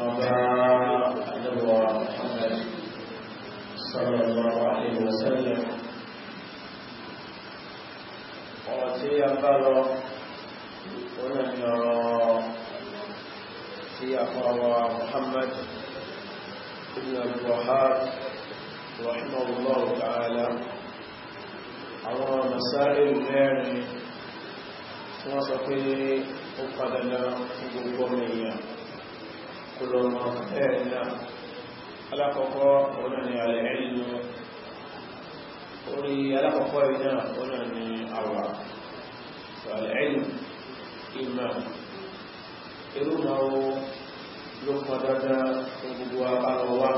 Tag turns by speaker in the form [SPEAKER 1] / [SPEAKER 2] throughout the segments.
[SPEAKER 1] وبارك على محمد صلى الله عليه وسلم ọ̀tí agbára onírànlọ́rọ̀
[SPEAKER 2] tí àfọwà Muhammad ibn al-Wahhab rahimahullahu ta'ala àwọn masáàrí mẹ́rin tí wọ́n sọ pé ó padà lọ fún gbogbo ènìyàn kúlọmọ ẹ̀ẹ̀nà alákọ̀ọ́kọ́ ọ̀nà ni alẹ́ ẹ̀yìnà orí alákọ̀ọ́kọ́ ẹ̀yìnà ọ̀nà ni àwà alẹ́ ẹ̀yìn ìmà irú ma ó ló pọ̀ dáadáa gbogbo abálọ́wá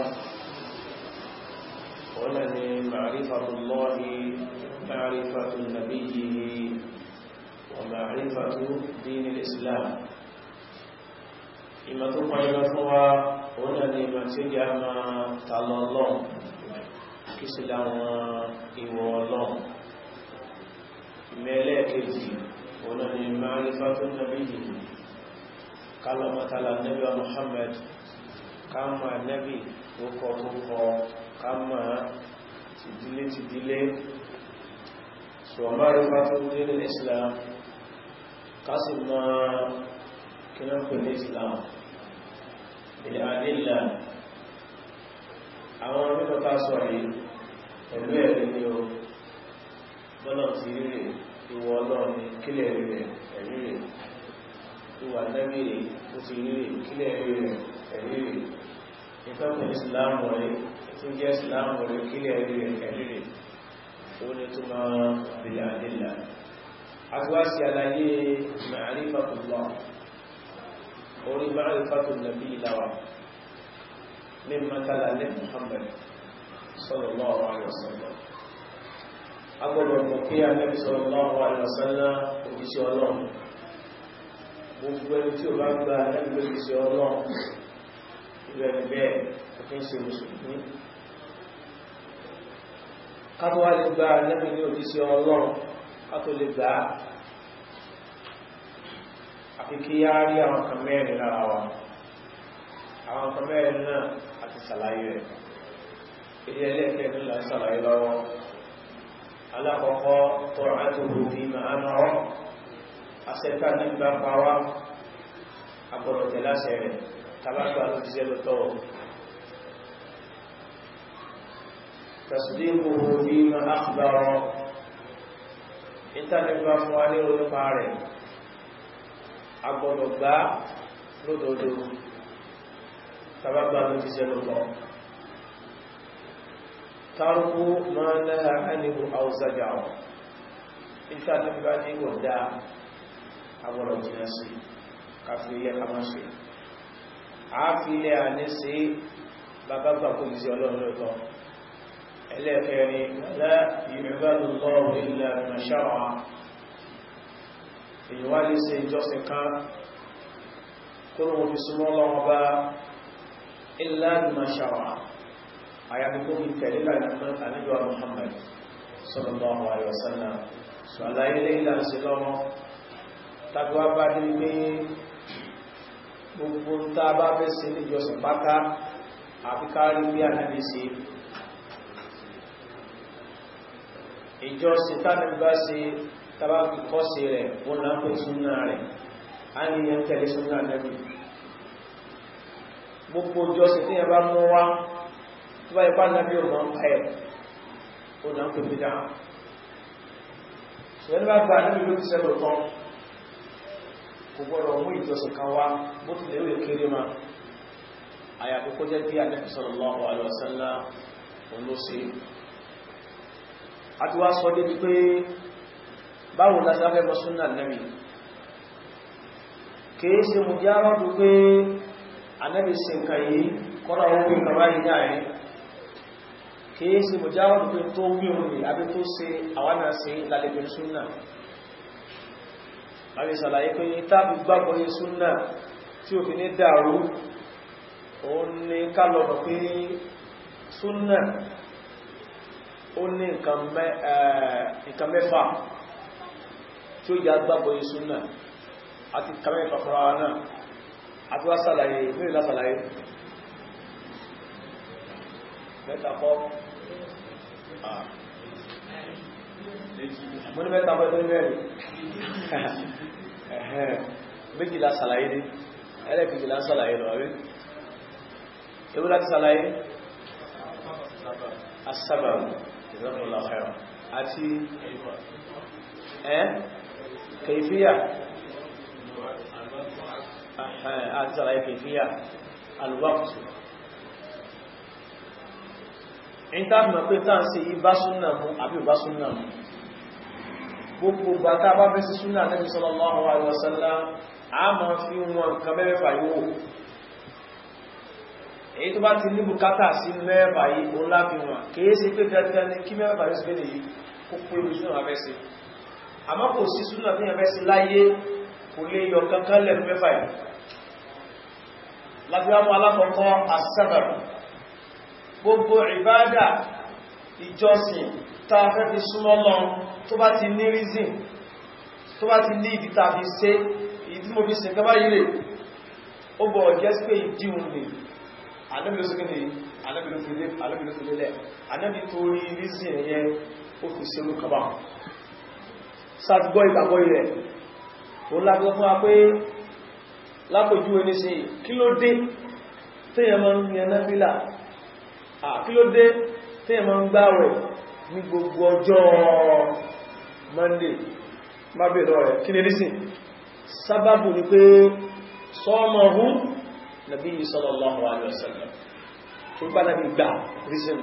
[SPEAKER 2] ọ̀nà ni ma'rifatullahi ma'rifatu nabiyyihi wa ma'rifatu dinil islam ìmọ̀ tó pọ̀ yọ fún wa òun náà ni ìmọ̀ tí ó jẹ́ àmà tààlọ́ ọlọ́run kí sí láwọn ìwọ̀ ọlọ́run ìmẹ́lẹ̀ kejì òun náà ni ma'arifa tó nàbí yìí kálọ̀mọ̀tàlà nẹ́bí Muhammad káàmà nẹ́bí tó kọ tó kọ káàmà tìdílé tìdílé sọ̀mọ́rífà tó nílé Islam kásìmọ̀ kí náà pẹ̀lú Islam ìlàdílà àwọn mẹ́tọ̀ta sọ yìí pẹ̀lú ẹ̀rí ni o lọ́nà tí rírì ìwọ ọlọ́run ni kílẹ̀ rí rẹ̀ ẹ̀rí rẹ̀ ìwà lẹ́gbẹ̀ẹ́ ó ti rírì kílẹ̀ rí ẹ̀rí rẹ̀ ìtọ́kùn ìsìláàmù rẹ̀ tí jẹ́ ìsìláàmù rẹ̀ kílẹ̀ rí ẹ̀rí rẹ̀ ó ní tó máa bìlà nílà. a ti wá orí ma'rifatu nàbí ìlàwà ní makala ní muhammad sallallahu alaihi wasallam agbọ́dọ̀ mọ̀ kí a nẹ́bí sallallahu alaihi wasallam òjíṣẹ́ ọlọ́run gbogbo ẹni tí ó bá gba nẹ́bí òjíṣẹ́ ọlọ́run ìrẹ̀lẹ̀ bẹ́ẹ̀ òfin ṣe mùsùlùmí kátó wá lè gba nẹ́bí ní ọlọ́run kátó lè gbà àfi kí á rí àwọn kan mẹ́rin lára wa àwọn kan mẹ́rin náà àti sàlàyé rẹ̀ ilé ẹlẹ́kẹ̀ẹ́ ní là ń sàlàyé lọ́wọ́ alákọ̀ọ́kọ́ tọrọ àti òbí máa ń rọ́ àṣẹta nígbà pàwá agbọ̀rọ̀tẹ̀ láṣẹ rẹ̀ tàbátà ló ti jẹ́ lọ́tọ́ agbọ́dọ̀ gbá lódodo tàbágbà ló ti sẹ́lọ lọ tàrùkú máa náà ánìwò àwùsàjà ọ̀ ìta tó bá ní kò dá agbọ́dọ̀ jìnà sí káfíyẹ kamáṣe àáfílẹ̀ àní sí bàbá gbàkó ìsẹ́ ọlọ́run lọ́tọ́ ẹlẹ́ẹ̀kẹ́rin wọ́n lá ìrìnbá lọ́rùn ilẹ̀ àmàṣáwàá èyí wá lè ṣe ìjọsìn kan tó lóun fi súnmọ́ lọ́wọ́ bá ilá ìmọ̀ṣàwà àyàfi kó fi tẹ̀lé lànà àníjọ́ Muhammad sallallahu alaihi wasallam sọ àlàyé lè ìlànà sí lọ́wọ́ tàbí wá bá dé pé gbogbo tánàbí bá ṣe tàbá fi kọ́sí rẹ̀ wọ́n náà pè súnà rẹ̀ a ní yẹn tẹ̀lé súnà nẹ́bì gbogbo ọjọ́ sí tí yẹn bá mọ́ wá tó bá ipá nẹ́bì ọmọ ẹ̀ ó náà pè bí dáa ṣùgbọ́n bá gba nẹ́bì ló ti sẹ́lò tán kò gbọ́dọ̀ mú ìjọsìn kan wá bó ti lérò kéré ma àyàfi jẹ́ bí Ànábì sallallahu alaihi olóṣèlú a wá sọ pé báwo la sáfẹ́ mọ́ súnà nẹ́bì kìí ṣe mú jẹ́ rọ́dù pé anẹ́bì ṣe nǹkan yìí kọ́nà owó bí nǹkan báyìí náà rí kìí ṣe mú jẹ́ rọ́dù pé tó wí orin àbí tó ṣe àwọn náà ṣe lálẹ́gbẹ̀ súnà àbí ṣàlàyé pé tábí gbàgbọ́ yé súnà tí òfin ní dàrú òun ní ká lọ́nà pé súnà ó ní nǹkan mẹ́fà tí ó yà gbàgbọ́ yéṣu náà àti kàmẹ́ ìfàfúra náà àti wá sàlàyé ní ìlà sàlàyé mẹ́ta kọ́ mo ní mẹ́ta kọ́ ní mẹ́rin méjìlá sàlàyé ní ẹlẹ́kìjìlá sàlàyé lọ rí ewu láti sàlàyé asábàrù ìrọ́pọ̀lá àti ẹ́ kèfíyà àti sàlàyé kèfíyà alwaqtu ìtàbùmọ̀ pé tàà sí ibá súnnà mú àbí ìbá súnnà mú gbogbo bàtà bá fẹ́ sí súnnà Nabi sallallahu alaihi wasallam a ma fi wọn nǹkan mẹ́fà yíwò èyí tó bá ti ní bùkátà sí mẹ́fà yí o láfi wọn kìí sí pé dandan ní kí mẹ́fà yí sí pé lè yí kó pé ìbùsùn àfẹ́sí àmọ́ kò sí súnà tí yẹn fẹ́ sí láyé kò lè yọ kankan lẹ́nu mẹ́fà yìí lábíwámú alákọ̀ọ́kọ́ asábàrù gbogbo ìbádà ìjọsìn tá a fẹ́ fi súnmọ́ lọ tó bá ti ní rízìn tó bá ti ní ìdí tá a fi ṣe ìdí mo fi sìnkẹ́ báyìí rè ó bọ̀ jẹ́ sí pé ìdíhun ni ànábì ló sókè nìyí ànábì ló fi lélẹ̀ ànábì torí rízìn yẹn ó fi ṣerú kaba sàgbọ́ ìgbàgbọ́ rẹ̀ ó lágbọ́ fún wa pé lápòjú ẹni sí kí ló dé téèyàn máa ń yan náfílà kí ló dé téèyàn máa ń gbààwẹ̀ ní gbogbo ọjọ́ monday má bèèrè rẹ̀ kí ni rísìn sábàbù ni pé sọ́mọ̀hún nàbí sallallahu alaihi wasallam tó gbá náà gbà rísìn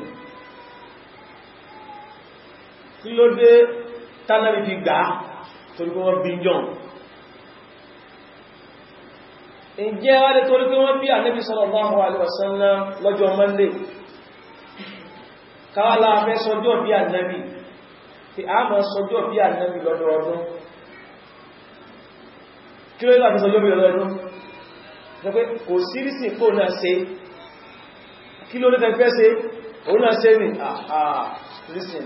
[SPEAKER 2] kí tánàbí fi gbà torí pé wọ́n bí john ǹjẹ́ wá lè torí pé wọ́n bí ànábì sallallahu alaihi wasallam lọ́jọ́ monday káwàlá afẹ́ sọjọ́ bí ànábì tí a máa sọjọ́ bí ànábì lọ́dọọdún kí ló láti sọjọ́ bí lọ́dọọdún pé kò sírísì kó náà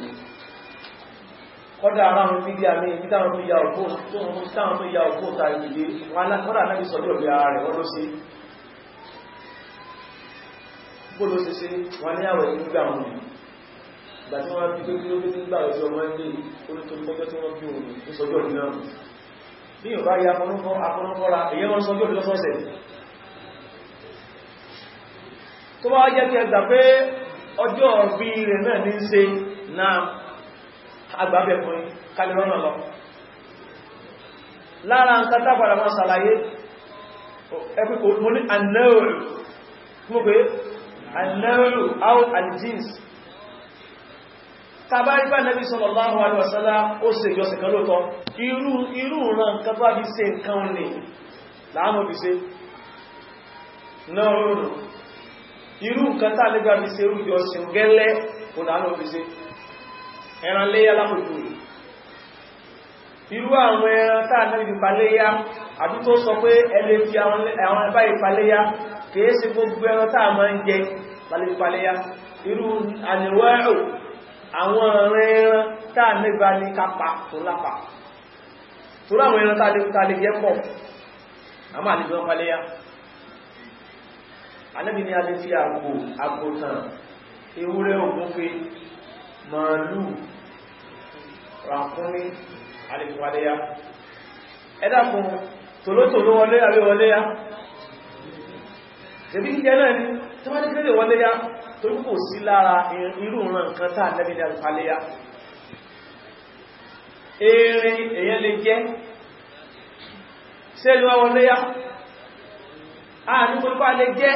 [SPEAKER 2] ní kọ́dá ara wọn bí díà ní ibi táwọn tó ya òkú táwọn tó ya òkú ta ìdílé wọn kọ́dá náà sọ ní òbí ara rẹ̀ wọ́n ló sí bó ló sí sí wọn ní àwẹ̀ nígbà wọn ni ìgbà tí wọ́n bí pé kí ló bí nígbà ọjọ́ wọn lè onítorí pọ́jọ́ tí wọ́n bí òun ní sọjọ́ ìlú náà bí ìbá ya afọ́núfọ́ra èyẹ́ wọn sọjọ́ ìlú lọ́sọ̀ọ̀sẹ̀ tó bá jẹ́ kí ẹgbà pé ọjọ́ ọ̀bí rẹ̀ náà ní ń ṣe náà agbábẹ̀ fún kalirọ́nà lọ lára nǹkan tábàrà wọn sàlàyé ẹgbẹ́kò mọ́ ní anẹ́rù mú pé anẹ́rù au aljins tàbá ipá nẹ́bí sallallahu alaihi wasallam ó ṣe ìjọsìn kan lóòtọ́ irú irú ran nǹkan bá bí ṣe nǹkan ní láàmù bí ṣe náà rọrùn irú nǹkan tàbí gbà bí ṣe irú ìjọsìn gẹ́lẹ́ kò láàmù bí ṣe ẹran léyà lápòjú rẹ̀ irú àwọn ẹran táà náà ibi paléyà àbí tó sọ pé ẹlẹ́ fi àwọn ẹbá ìpaléyà kìí sí gbogbo ẹran táà máa ń jẹ paléyà irú àníwẹ́rò àwọn ọ̀rẹ́ ẹran táà nígbà ní kápa tó lápa tó láwọn ẹran táà lè jẹ́ pọ̀ àmà àlejò paléyà alẹ́bí ni a lè fi àgbò àgbòtàn ewúrẹ́ ògúnfe màálù ràkúnmí àlèkùnwàléyá ẹ̀dàkùn tòlótòló wọlé àrí wọléyá ṣebí jíjẹ náà ni tí wọ́n ní kẹ́lẹ̀ wọléyá tó kò sí lára irú ìran nǹkan tàà lẹ́bìnì àlèkùnwàléyá eré èyàn lè jẹ́ ṣe ìlú wọléyá àà ní kò ní pa lè jẹ́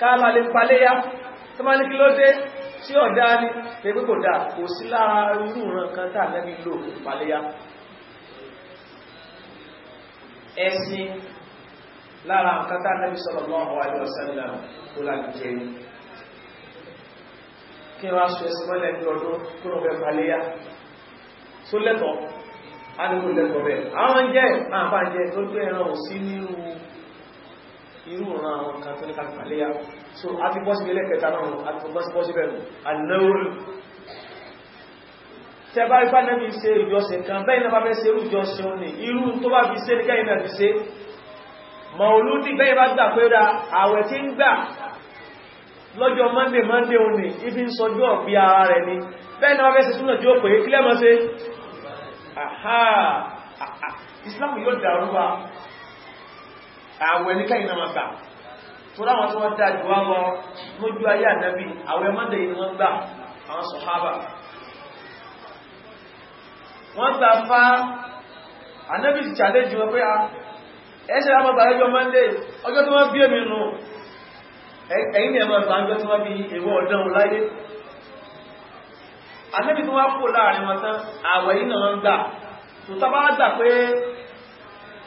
[SPEAKER 2] káàlà lè paléyá tó má tí ọ̀dá ní pẹ̀pẹ́ kò dáa kò sí lára irú ìran kan tàà lẹ́bí lò paléyá ẹ̀sìn lára nǹkan tàà lẹ́bí sallallahu alaihi wasallam kó láti jẹ ní kí wọ́n aṣọ ẹ̀sìn mọ́lẹ̀ ní ọdún kó lọ bẹ paléyá tó lẹ́tọ̀ọ́ adúgbò lẹ́tọ̀ọ́ bẹ́ẹ̀ àwọn jẹ́ so a ti bọ́ sí ilé kẹta náà a ti bọ́ sí bọ́ sí bẹ̀rù anáwòrì tẹ bá ipá náà fi ṣe ìjọsìn kan bẹ́ẹ̀ náà bá fẹ́ ṣe irú ìjọsìn ní irú tó bá fi ṣe nígbà ìrìnà fi ṣe mọ̀lúdì bẹ́ẹ̀ bá gbà pé ra àwẹ̀ tí ń gbà lọ́jọ́ mọ́ndé mọ́ndé òní ibi ń sọjọ́ bí ara rẹ̀ ni bẹ́ẹ̀ náà bá fẹ́ ṣe súnà tí ó pè é kílẹ̀ mọ́ ṣe aha Islam yóò dàrú wa àwẹ̀ ní káyìn náà máa gbà tó láwọn tí wọ́n dá jù wá lọ lójú ayé ànábì àwọn ẹmọ́dé yìí wọ́n gbà àwọn sọ̀hábà wọ́n gbà fá ànábì ti challenge wọn pé a ẹ̀ṣẹ́ àmọ́gbà ẹjọ́ monday ọjọ́ tó wọ́n bí èmi nù ẹ̀yìn ẹ̀mọ́ ìgbàjọ́ tó wọ́n bí èwọ́ ọ̀dán láyé ànábì tó wá kò láàrin wọn tán àwẹ̀ yìí náà ń gbà tó tábà gbà pé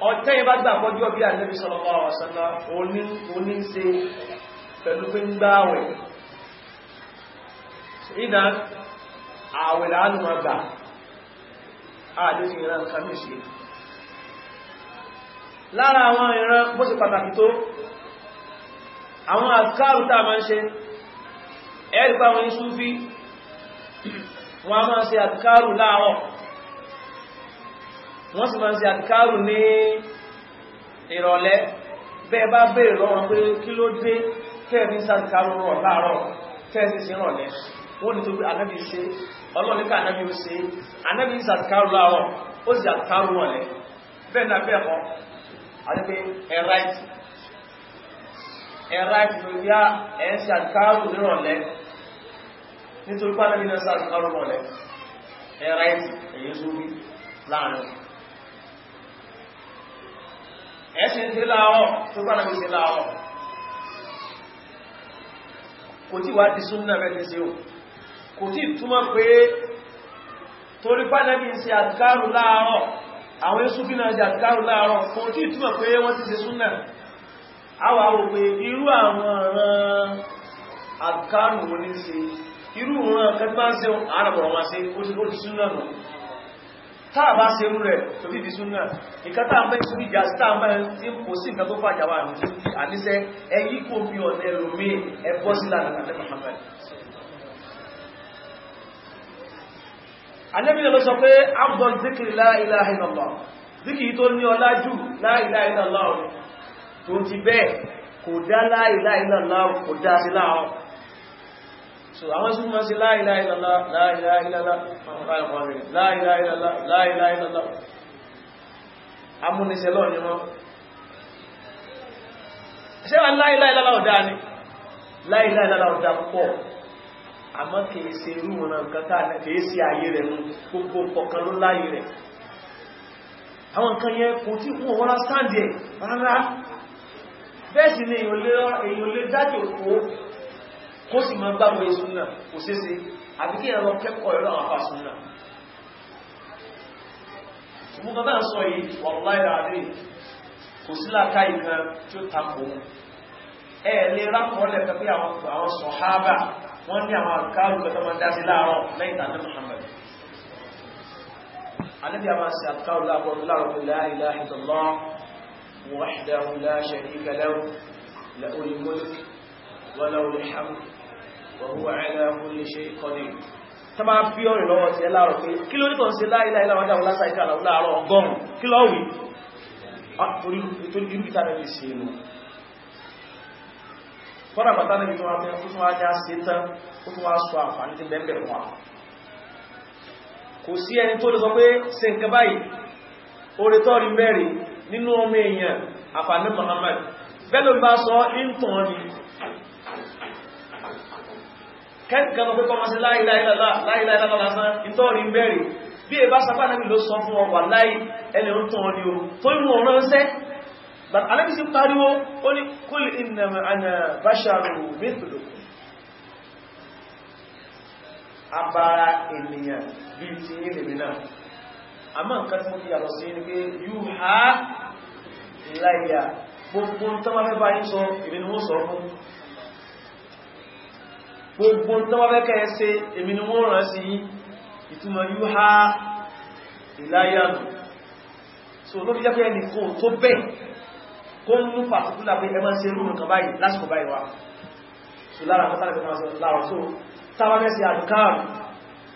[SPEAKER 2] ọ̀tẹ́ ìbá gbà kọjọ́ bí ànẹ́bí sallallahu alaihi wasallam oní ṣe pẹ̀lú pé ń gbá àwẹ̀ ìdá àwẹ̀ láàánú ma gbà àdéjì ìran kàmí ṣe lára àwọn ìran bó ṣe pàtàkì tó àwọn àkárùtà máa ń ṣe ẹ̀rùpá wọn ní súfí wọn a máa ṣe àkárù láàárọ̀ wọ́n sì máa ń ṣe àdìkárù ní ìrọ̀lẹ́ bẹ́ẹ̀ bá bèèrè lọ́wọ́ pé kí ló dé kẹ́ẹ̀fí sàdìkárù rọ̀ láàárọ̀ kẹ́ẹ̀sì sí rọ̀lẹ́ wọ́n ni tó gbé anábi ṣe ọlọ́níkà anábi ó ṣe anábi sàdìkárù láàárọ̀ ó sì àdìkárù rọ̀lẹ́ bẹ́ẹ̀ náà bẹ́ẹ̀ kọ́ àti pé ẹ̀ráìtì ẹ̀ráìtì ló yá ẹ̀ ń ṣe àdìkárù nírọ̀lẹ́ nítorí pé náà sàdìkárù rọ̀lẹ́ ẹ̀ráìtì èyí sórí láàárín ẹ̀ṣẹ̀ ti láàárọ̀ tó bá nàbí sí láàárọ̀ kò tí wá di súnnà rẹ̀ ti sí o kò tí túmọ̀ pé torí bá nàbí sí àdìkárù láàárọ̀ àwọn Yúsúfì náà jẹ́ àdìkárù láàárọ̀ kò tí túmọ̀ pé wọ́n ti sí súnnà táà bá ṣe rú rẹ̀ tó bí ìdísúnà nǹkan táà mẹ́ ìsúrí ìjà sí táà mẹ́ tí kò sí nǹkan tó fàjà wà nìtú tí àníṣẹ́ ẹ̀yí kò bí ọ̀nà ẹlòmí ẹ̀bọ́ sí lánàá Ànábì ló sọ pé abdul zikri la ilaha illallah zikri tó ní ọlá jù la ilaha illallah tó ti bẹ́ẹ̀ kò dá la ilaha illallah kò dá sí láàrùn so àwọn tí wọ́n ṣe láìláìlọ́lá láìláìlọ́lá láìláìlọ́lá láìláìlọ́lá amúnisẹ́lọ́ ni wọ́n ṣe wà láìláìlọ́lá ọ̀dá ni láìláìlọ́lá ọ̀dá pọ̀ àmọ́ kìí ṣe irú wọn nǹkan táà kìí ṣe ayé rẹ̀ mú gbogbo ọ̀kan ló láyé rẹ̀ àwọn nǹkan yẹn kò tí wọ́n wọ́n sáàdì ẹ̀ rárá bẹ́ẹ̀ sì ni èyàn lé dájò kó kó sì máa gbàgbọ́ yé súnà kò ṣeéṣe àbí kí ẹ̀rọ kẹ́kọ̀ọ́ ẹ̀rọ àwọn afá súnà mú bàbá ń sọ yìí wallahi alazim kò sí láàká ìkan tí ó tapò ẹ̀ lè rákọ̀ọ́lẹ̀ pẹ̀lú àwọn sọ̀hábà wọ́n ní àwọn àkáàrù pẹ̀lú ọmọ dá sí láàárọ̀ lẹ́yìn tàbí Muhammad النبي أما سيبقى الله قول الله لا إله إلا الله وحده لا شريك له له الملك وله الحمد وهو على كل شيء قدير tọ́bá bí ọ̀rìn lọ́wọ́ ti ẹláàrọ̀ pé kí ló nítọ̀ sí láìlá ìlàwọ́dá wọn lásà ìkà láàrọ̀ ọgọ́rùn kí lọ́ wí torí irú ìtàrẹ lè ṣe inú fọ́nà pàtàkì níbi tó wá bẹ́ fún wá já sí tán ó tún wá sọ àǹfààní tí bẹ́ẹ̀ wọn kò sí ẹni tó lè sọ pé ṣe nǹkan báyìí orí mẹ́rin nínú ọmọ èèyàn àfààní Muhammad bẹ́ẹ̀ ló bá sọ ìntàn ni kẹ́kàn pé kọ́ máa ṣe láìláìlá lásán ìtọ́rí bẹ̀rẹ̀ bí ẹ bá sapá náà ló sọ fún ọwà láì ẹlẹ̀ ń tàn ní o tó inú ọ̀rọ̀ ń sẹ́ alẹ́bìsí pariwo ó ní kúlì innama ana basharu mithlu abara ènìyàn bí ti yí lèmi náà a máa nǹkan tí mo fi yàtọ̀ sí ní pé yú ha láìyà gbogbo tọ́wọ́ fẹ́ bá yí sọ ìrìnwó sọ fún gbogbo tó ṣe èmi ni wọ́n rán sí ìtumọ̀ yúhá ìláyàmù so ló fi jẹ́ pé ẹni kò tó bẹ́ kó ń mú pàtíkúlà pé ẹ máa ṣe nǹkan báyìí lásìkò báyìí wá so lára mọ́sálẹ̀ pé máa ṣe lára so táwọn mẹ́sì àdùkáàrù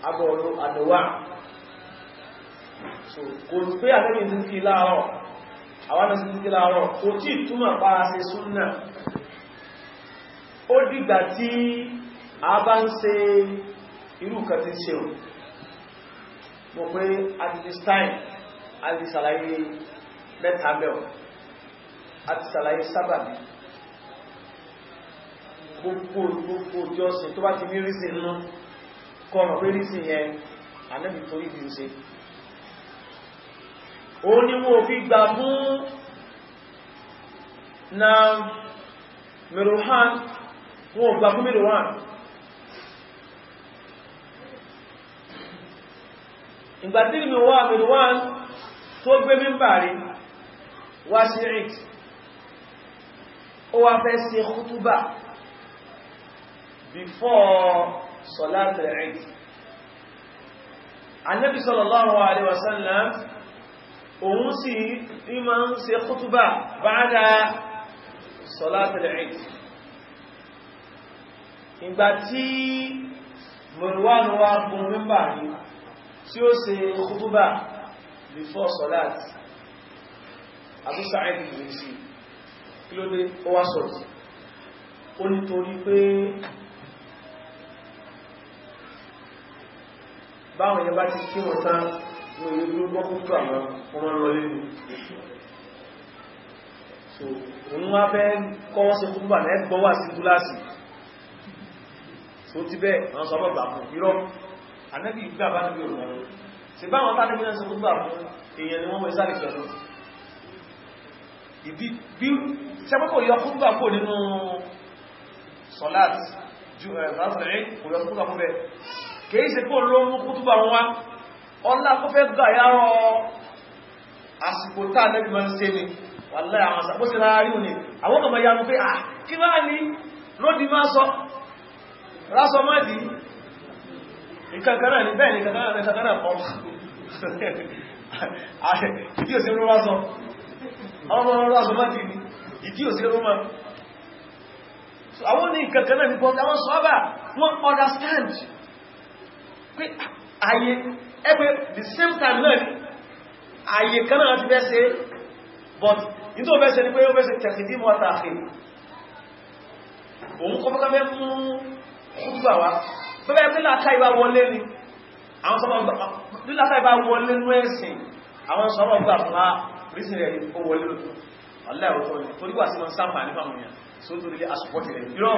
[SPEAKER 2] agbọ̀ọ̀lọ́ àdọ̀wà so kò pé àtẹ́mì ti fi láàárọ̀ àwọn mẹ́sì ó dìgbà tí a bá ń ṣe irú kan pé at this time a sábàbí gbogbo gbogbo jọ́sìn tó bá ti ní rísì nínú kọ̀ọ̀nà pé rísì yẹn ànẹ́bì torí bí fi gbà fún na mẹ́rọ̀hán wọ́n gbà fún mẹ́rọ̀hán ìgbà tí mi wá mi wá tó gbé mi bàrí wá sí rìt ó wá fẹ́ ṣe kútúbà before salat rìt annabi sallallahu alaihi wasallam òun sì ní ma ń ṣe kútúbà ba'da salat rìt ìgbà tí mọ̀rùwá ni wá gùn mi bàrí tí ó ṣe kútúbà before solat Abu Sa'id al-Khudri kí ló dé ó wá sọ̀rọ̀ ó nítorí pé báwọn yẹn bá ti kí wọn tán wọn yóò ló gbọ́ kútù àwọn ọmọ lọlé ní so òun wá fẹ́ kọ́wọ́ sí kútùbà náà gbọ́wà sí gúláàsì so ti bẹ́ẹ̀ àwọn sọ́bọ̀ ànábì gbà bá níbi òun ọ̀rọ̀ sì bá àwọn tánàbí náà sọpọ̀ gbà fún èèyàn ni wọ́n mọ̀ sáré sọ̀rọ̀ ìbí bí sẹ́pọ̀kọ̀ yọ fún gbà kò nínú sọ̀lát ju ẹ̀fàṣẹ̀rẹ̀ kò yọ fún gbà fún bẹ́ẹ̀ kìí ṣe kó ló mú kú túbà wọn wá ọlá kó fẹ́ gbà yárọ àsìkò tá ànábì máa ń ṣe ni wàlẹ́ àwọn àṣàkó sí rárá rí òní àwọn kọ̀mọ̀ yanu pé à ah, kí wá nǹkan kan náà ní bẹ́ẹ̀ ní kankan náà kankan náà ọmọ ìdí òsè ló wá sọ ọmọ ọmọ ọlọ́sọ máa ti ní ìdí òsè ló máa àwọn ní nǹkan kan náà ní bọ́ta wọ́n sọ ábà wọ́n understand pé ayé ẹgbẹ́ the same time náà ayé kan náà ti bẹ́ ṣe but nítorí bẹ́ ṣe ní pé ó bẹ́ ṣe tẹ̀sí dí mọ́ta àfihàn òun kọ́ tó bẹ́ẹ̀ pé láàká ìbá wọlé ni àwọn sọmọ láàká ìbá wọlé ní ẹ̀sìn àwọn sọmọ gbà fúnra ah, rísìn rẹ̀ ó wọlé lòtò ọlẹ́rọ̀ tó ní torí wà sí wọn sáfà nípa wọn só tó nílé asùpọ̀tì rẹ̀ yọ́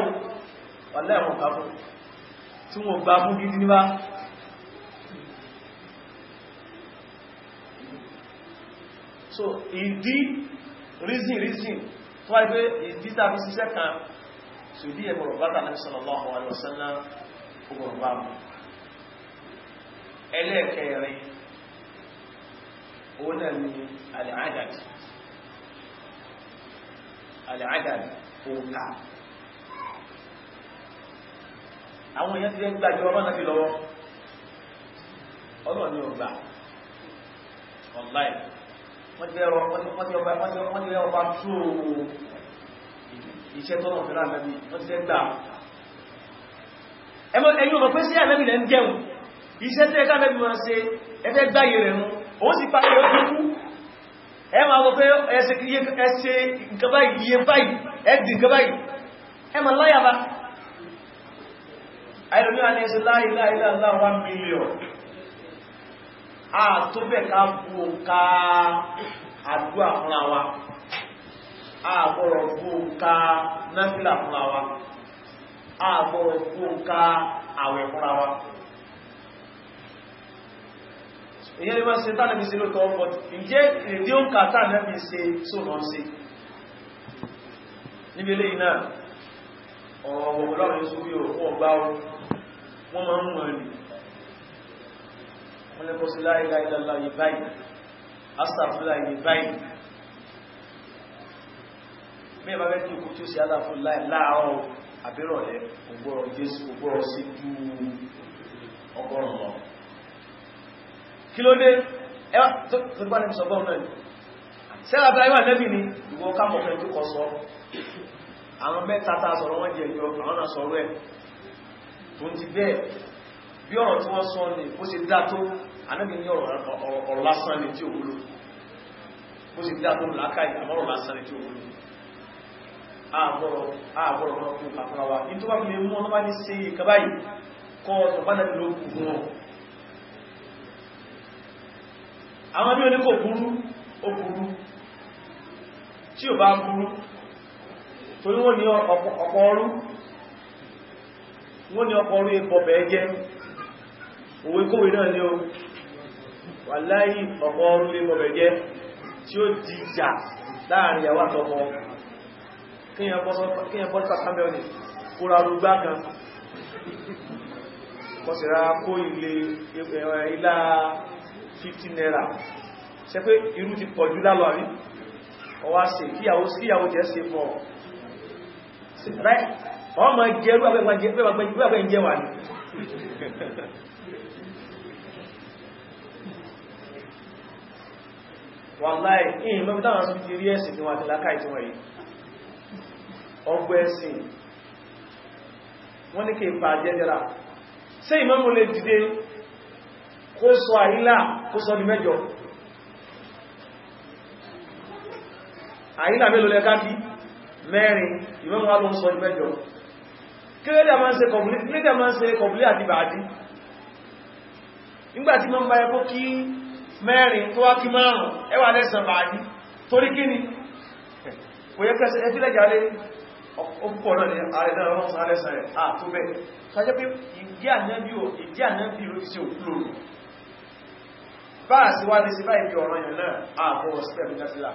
[SPEAKER 2] so ìdí reason, reason. tó wáyé pé ìdí tàbí ṣiṣẹ́ kan sùdí ẹ̀mọ̀rọ̀ bátà náà sallallahu alaihi wasallam gbọ́dọ̀ bá mu ẹlẹ́ẹ̀kẹrin òun náà ni àlẹ́àdàdì àlẹ́àdàdì òǹkà àwọn èèyàn ti jẹ́ gbàjọ ọmọ náà ti lọ́wọ́ ọlọ́ọ̀ ni ọgbà ọ̀láì wọ́n ti rọ wọ́n ti ọba wọ́n ti ọba tó iṣẹ́ tọ́lọ̀ fẹ́ràn náà bí wọ́n ti jẹ́ gbà ẹni ọmọ pé sí àmẹ́bì lẹ́ ń jẹun iṣẹ́ tí ẹka mẹ́bì máa ṣe ẹfẹ́ gbáyé rẹ̀ mú òun sì parí ọdún kú ẹ máa wọ pé ẹsẹ nǹkan báyìí iye báyìí ẹdì nǹkan báyìí ẹ máa láyà bá àìlòmíwà ní ẹsẹ láìláìláìlá 1 wa àbọ̀rọ̀ bu ká náfìlà fúnra wa àgbọ̀rọ̀ fún ká àwẹ̀ fúnra wa èyẹ́ lè máa ṣe tánà bí ṣe ló tọ́ ọ̀pọ̀ ìjẹ́ èdè òǹkà tánà bí ṣe sóhàn sí níbi ilé iná ọ̀rọ̀ ọlọ́run ní sórí òkú ọgbá wọn máa ń mọ̀ ní wọ́n lẹ́kọ́ sí láìláìlá àbírọ̀lẹ́ ògbọ́rọ̀ jésù ògbọ́rọ̀ sí ju ọgọ́rùn lọ kí ló dé ẹwà tó gbá ní sọgbọ́n náà sẹ́lá abúláyíwà nẹ́bì ni ìwọ kápọ̀ fẹ́ tó kọ sọ àwọn mẹ́ta ta sọ̀rọ̀ wọ́n jẹ ìjọ àwọn náà sọ̀rọ̀ ẹ̀ tó ti bẹ́ẹ̀ bí ọ̀rọ̀ tí wọ́n sọ ni bó ṣe dá tó anẹ́bì ní ọ̀rọ̀ lásán ni tí òwúlò bó ṣe dá tó làákàyè àmọ́rọ̀ lásán ni tí òwúlò àbọ̀rọ̀ àbọ̀rọ̀ máa kú kàfúra wa ní tó bá lè mú ọlọ́wà ní ṣe ìkàbá yìí kọ́ ọ̀tọ̀bánà ló kù fún wọn àwọn bí oníkò burú ó burú tí ò bá burú torí wọ́n ní ọ̀pọ̀ ọrú wọ́n ní ọ̀pọ̀ ọrú ẹbọ̀bẹ̀ ẹjẹ́ òwe kówé náà ni ó wà láyé ọ̀pọ̀ ọrú ẹbọ̀bẹ̀ ẹjẹ́ tí ó di ìjà láàrin àwọn àtọ́kọ̀ọ́ kíyàn bọ́ sàtàmẹ́ ọ̀nì kóra rúgbá kan kọsìrá kó ilé ilá 50 naira ṣe pé irú ti pọ̀jú lálọ́ àrí ọwá sí kíyàwó síyàwó jẹ́ sí fún ọ ọmọ jẹ́rú agbẹ́gbẹ́ jẹ́ wà ní wàláì ìyìn lọ́pítàwọn sí ti rí ẹ̀sìn tí wọ́n àti lákàí tí wọ́n yìí ọgbọ ẹ̀sìn wọn ní kí ipa jẹ́jẹ́ra ṣe ìmáàmù lè dìde kó sọ àílà kó sọ di mẹ́jọ àílà mélòó lẹ́ká mẹ́rin ìmáàmù wá ló ń sọ di mẹ́jọ kí lẹ́dà ń ṣe kọ̀bùlé àti nígbàtí mọ́ ń bá ẹkó kí mẹ́rin tó wá kí márùn-ún ẹwà lẹ́sàn torí ọ̀pọ̀ náà ni ààrẹ náà wọ́n sáré sáré àtó bẹ́ ṣàjẹ́ pé ìdí ànábí ló ti ṣe òkúrò bá sí wá ní sí bá ìbí ọ̀rọ̀ yẹn náà àbọ̀ ọ̀sẹ̀ bí jásílá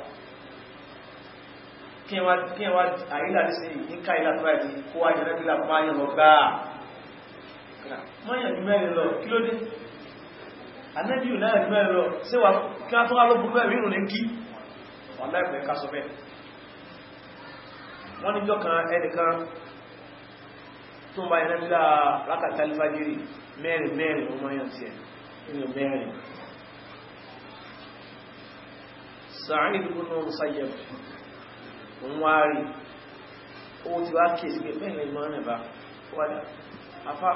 [SPEAKER 2] kí wá àyílà ní sí ìká ìlà tó báyìí kó wá yẹn lábílà máyàn lọ gbá máyàn ní mẹ́rin lọ kí ló dé ànábí ò náà ní mẹ́rin lọ sí wà kí wá tó wá lóbùn mẹ́rin rùn ní kí wọ́n ní jọ́kan ẹnìkan tó ń bá ẹ̀nà nílá rákàtà alifajiri mẹ́rin mẹ́rin ọmọ yàn tí ẹ̀ inú mẹ́rin Sa'id ibn Musayyab ń wá rí owó ti wá kéèsì pé mẹ́rin mọ́ rẹ̀ bá wádà afá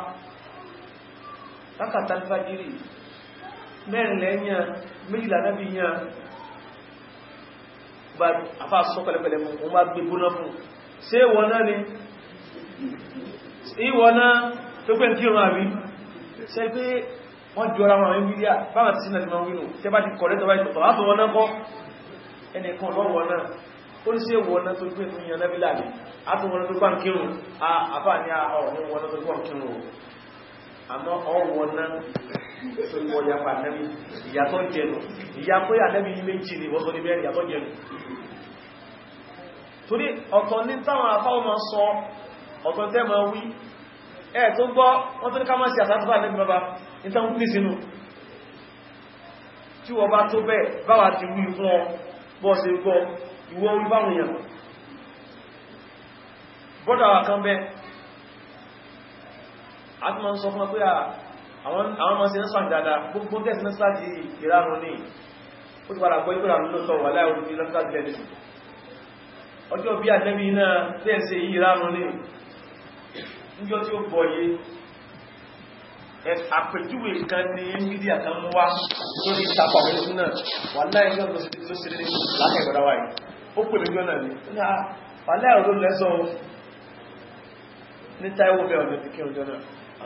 [SPEAKER 2] rákàtà alifajiri mẹ́rin lẹ́yìn méjìlá náà yàn bá afá sọ pẹ̀lẹ̀pẹ̀lẹ̀ mú o má gbé gbóná fún ṣe ìwọ náà ni ìwọ náà tó pẹ́ tí ìrùn àrí ṣe pé wọ́n jọra wọn àwọn ìwílíà báwọn ti sínàtì máa wínú tẹ́ bá ti kọ̀rẹ́ tọ́wà ìtọ̀tọ̀ látọ̀ wọn náà kọ́ ẹnìkan lọ́wọ́ náà ó ní sí ìwọ náà tó pẹ́ fún yan lábílà mi àtúnwọ́n tó pàn kírùn àfà ní àwọn ọ̀rọ̀ wọn tó pàn kírùn àmọ́ ọ̀wọ́ náà sórí wọ́n yapa ànẹ́bí ìyàtọ̀ jẹnu ìyapọ̀ ànẹ́bí yí méjì ni wọ́n ìyàtọ̀ jẹnu torí ọ̀tọ̀ ní táwọn afáwọ́ ma sọ ọ̀tọ̀ tẹ́ ma wí ẹ̀ tó gbọ́ wọ́n tó ní ká má sí àtàtàfà ànẹ́bí bàbá nítan àwọn ọmọ sí nọ́sàn dáadáa gbogbo tẹ́sí nọ́sàn ti ìrarun ní ó ti padà gbọ́ ìpínlẹ̀ àrùn lóòtọ́ wà láàrùn ní nọ́sàn ti lẹ́nu ọjọ́ bí àjẹ́bí náà tẹ́ẹ̀sẹ̀ yìí ìrarun ní níjọ́ tí ó bọ̀yé àpèjúwe kan ní mídíà kan mú wá lórí ìtàpà ọ̀rẹ́sùn náà wà láìjọ́ ló ṣe lé lákẹ́ ìgbọ̀dá wáyé ó pè lójú ọ̀nà ní wà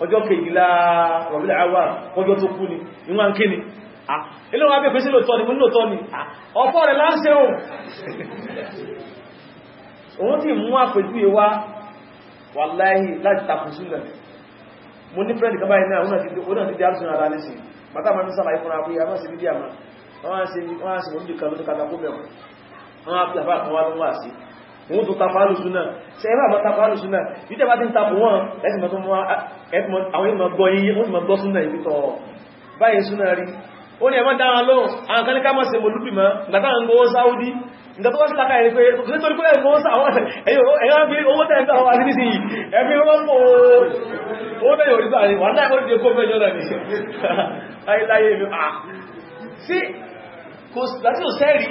[SPEAKER 2] ọjọ́ kejìlá rọ̀bílẹ̀ àwà ọjọ́ tó kú ni níwọ̀n kí ni ilé wọn abẹ́fẹ́ sí lòtọ́ ni mú lòtọ́ ni ọ̀pọ̀ rẹ̀ láńṣẹ́ ohun òun tí mú ewa, ìwá wàláhì láti tàkùsílẹ̀ mo ní fẹ́ẹ̀lì kọba iná òun àti di àrùsùn ara lẹ́sìn bàtà ma ń sára ìfúnra pé a máa sí bídí àmà wọ́n á sí wọ́n á sí wọ́n wọ́n tó tapọ̀ alùsùnà ṣe ẹ̀rọ àmọ́ tapọ̀ alùsùnà yìí tẹ́ bá ti ń tapọ̀ wọn ẹ̀sìn tó mọ́ àwọn ìmọ̀ gbọ́ yìí wọ́n ti mọ̀ gbọ́ súnà ìbí tọ̀ báyìí súnà rí ó ní ẹ̀mọ́ dára lóhùn àwọn kan ní ká mọ̀ sí mọ̀lúbì mọ́ gbàtà ń gbowó sáúdí ìgbà tó wá sí lákàá ẹ̀rí pé nítorí pé ẹ̀gbọ́n sáwọn ẹ̀yọ́ ń fi owó tẹ̀ ń gbà wá níbi yìí ẹ̀fí wọ́n pò owó tẹ̀ yóò rí báyìí wà náà ìwọ́n ti kó fẹ́ jọ́nà ní láyé láyé mi à ah. sí kò sí láti ò sẹ́rí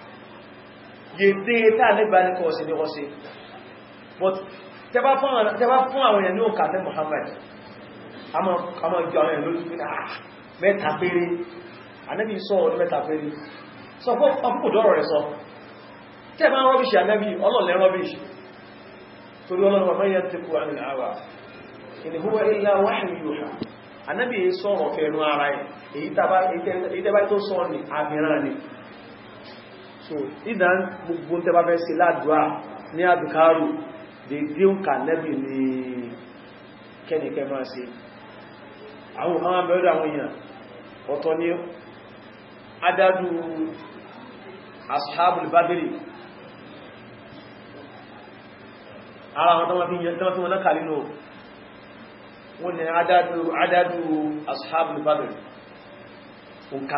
[SPEAKER 2] yèdè tààlẹ́gbà ní kọ́ sí ní wọ́n sí but tẹba fún àwọn èèyàn ní òkà ní Muhammad a máa jọ àwọn èèyàn lójú pé àà ah, mẹ́ta péré anẹ́bí sọ ọdún mẹ́ta péré sọ fún ọkùnkùdọ́rọ̀ rẹ̀ sọ tẹ́bà rọ́bíṣì anẹ́bí ọlọ́lẹ̀ rọ́bíṣì torí ọlọ́run so idan gbogbo tẹ́ bá fẹ́ ṣe ládùá ní àdùkárù dédé òǹkà nẹ́bì ní kẹ́nìkẹ́ máa ṣe àwọn ọmọ mẹ́rẹ́ àwọn èèyàn ọ̀tọ̀ ní adádù ashabul badri ara àwọn tọ́wọ́ fi yẹn tọ́wọ́ fi wọn náà kàrí náà wọ́n ni adádù ashabul badri òǹkà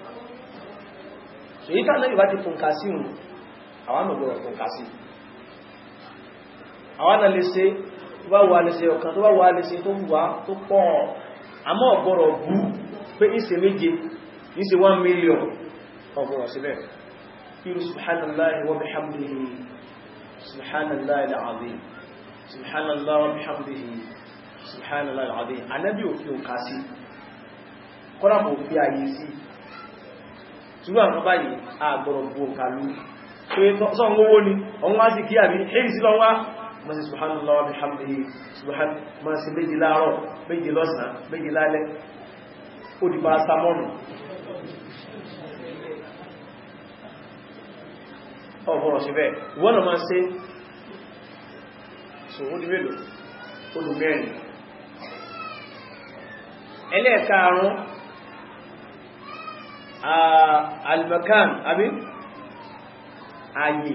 [SPEAKER 2] èyí tánà ìbá ti fòǹkà sí òun àwọn àmọ̀ gbọ́rọ̀ fòǹkà sí àwọn náà lè ṣe tó bá wà lè ṣe ọ̀kan tó bá wà lè ṣe tó wà tó pọ̀ àmọ́ ọ̀gbọ́rọ̀ bú pé ìṣe méje ìṣe 1 million ọ̀gbọ́rọ̀ síbẹ̀ irú subhanallahi wa bihamdihi subhanallahi alazim subhanallahi wa bihamdihi subhanallahi alazim ṣùgbọ́n àwọn báyìí àgbọ̀rọ̀ bú kàlú sọ́n owó ni wọ́n wá sí kí àmì èyí sí lọ wá mọ́sí subhanallah wa bihamdihi subhan mọ́sí méjì láàárọ̀ méjì lọ́sàn méjì lálẹ́ ó di bá samọ́nù ọ̀bọ̀rọ̀ sí bẹ́ẹ̀ wọ́n lọ máa ṣe ṣòwò di mélòó olùmẹ́rin ẹlẹ́ẹ̀kaàrún almakan àbí ayé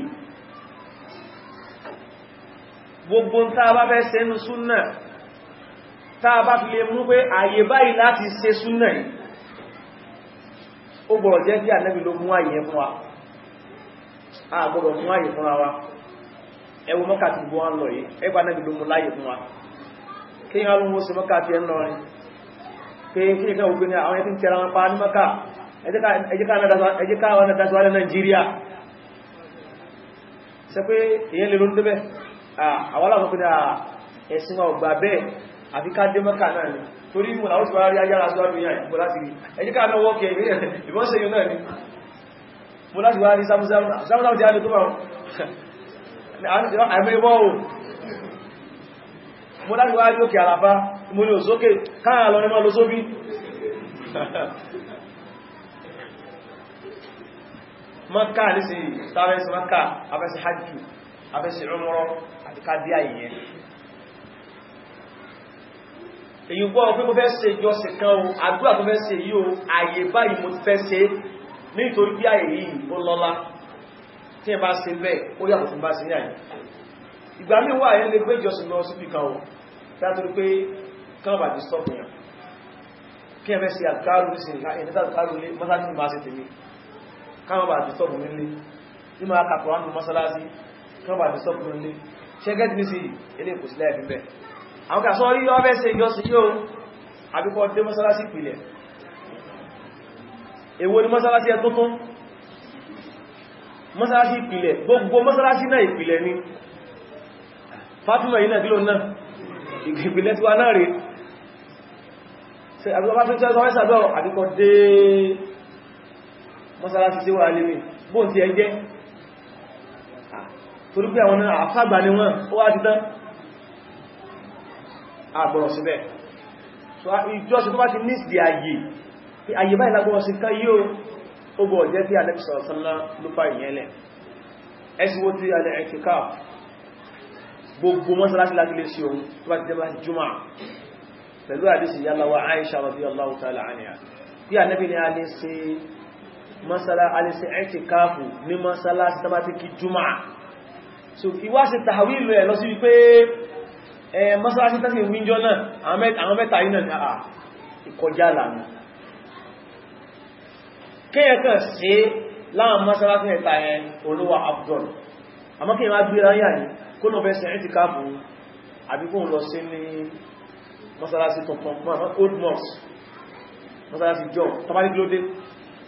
[SPEAKER 2] gbogbo ń tàbá fẹ́ sẹ́nu súnnà tàbá fi lè mú pé ayé báyìí láti ṣe súnnà yìí ó gbọ́rọ̀ jẹ́ bí ànẹ́bì ló mú ayé fún wa a gbọ́rọ̀ mú ayé fún wa ẹwọ mọ́kàtí gbọ́ wọn lọ yìí ẹgbà ànẹ́bì ló mú láyé fún wa kí yíò alóhun mọ́kàtí ẹ̀ lọrin kí ní mọ́kàtí ẹjẹ́ káwọn náà dáṣọ́ alẹ́ Nàìjíríà ṣe pé èyàn lè ló ń débẹ̀ àwọn aláwọ̀ pínlẹ̀ ẹ̀sìn wọn gbà bẹ́ẹ̀ àfi ká dé mọ́kà náà ni torí mú láwọ́ sọ́rọ̀ rí ayára sọ́rọ̀ rí àìkò láti rí ẹjẹ́ káwọn náà wọ́kẹ̀ ìbọ́nsẹ̀ yóò náà ni mú láti wá rí sámúsámú tí a lè tó bá àìmọ́ ìbọ́ o mú láti maka nísì tàbẹ́sì maka abẹ́sì hajjú abẹ́sì umra àti kádíà ìyẹn èyí gbọ́ pé mo fẹ́ ṣe ìjọsìn kan o àdúrà tó fẹ́ ṣe yìí o àyè báyìí mo fẹ́ ṣe nítorí bí àyè yìí ó lọ́lá tí ẹ bá ṣe bẹ́ẹ̀ ó yàtọ̀ fún bá ṣe ní àyè ìgbà mí wà yẹn lè gbé ìjọsìn lọ síbi kan o dátorí pé kan bàjẹ́ sọ́kùnrin kí ẹ fẹ́ ṣe àgbárò nísìnyí káwọn bá dìsọ́bù nílé nínú akàkọ̀ ránù mọ́sálásí káwọn bá dìsọ́bù nílé ṣẹ́gẹ́dì ní sí ilé kò sílẹ̀ ẹ̀fí bẹ́ àwọn kà sọ rí ọ́fẹ́ ṣe yọ́sí yóò àbíkọ́ dé mọ́sálásí pìlẹ̀ èwo ni mọ́sálásí ẹ̀tọ́tún mọ́sálásí ìpìlẹ̀ gbogbo mọ́sálásí náà ìpìlẹ̀ ni Fátímà yìí náà kí ló náà ìpìlẹ̀ tí wá náà rí ṣe àbíkọ́ bá fi tẹ́ mọ́sálásí sí wà lèmi bó ti ẹjẹ́ torí pé àwọn àfàgbà ni wọ́n ó wá ti tán àgbọ̀rọ̀ síbẹ̀ ìjọsí tó bá ti nísì di ayé pé ayé báyìí lágbọ́n sí ká yíò ó bọ̀ jẹ́ tí alẹ́ sọ̀rọ̀sánlá ló bá ìyẹnlẹ̀ ẹsìwó tí alẹ́ ẹ̀kíká gbogbo mọ́sálásí láti lè ṣe ohun tó bá ti jẹ́ wa Aisha radiyallahu ta'ala anha bí ànẹ́bí ni a lè masala alẹ́sẹ̀ ẹ̀tì káàfù ní masala sábàtíkì juma, so ìwá sí tàwílù ẹ̀ lọ sí wípé ẹ masala sí tàbí wíjọ náà àwọn mẹ́ta yìí náà ìkọjá lànà kíyànkàn sí láwọn masala sí ẹ̀ta ẹ̀ olówà abdul àmọ́ kí ìwá gbé ráyà ní kó lọ fẹ́sẹ̀ ẹ̀tì káàfù àbíkún lọ sí ní masala sí tuntun old mosque masala sí jọ tàbí lóde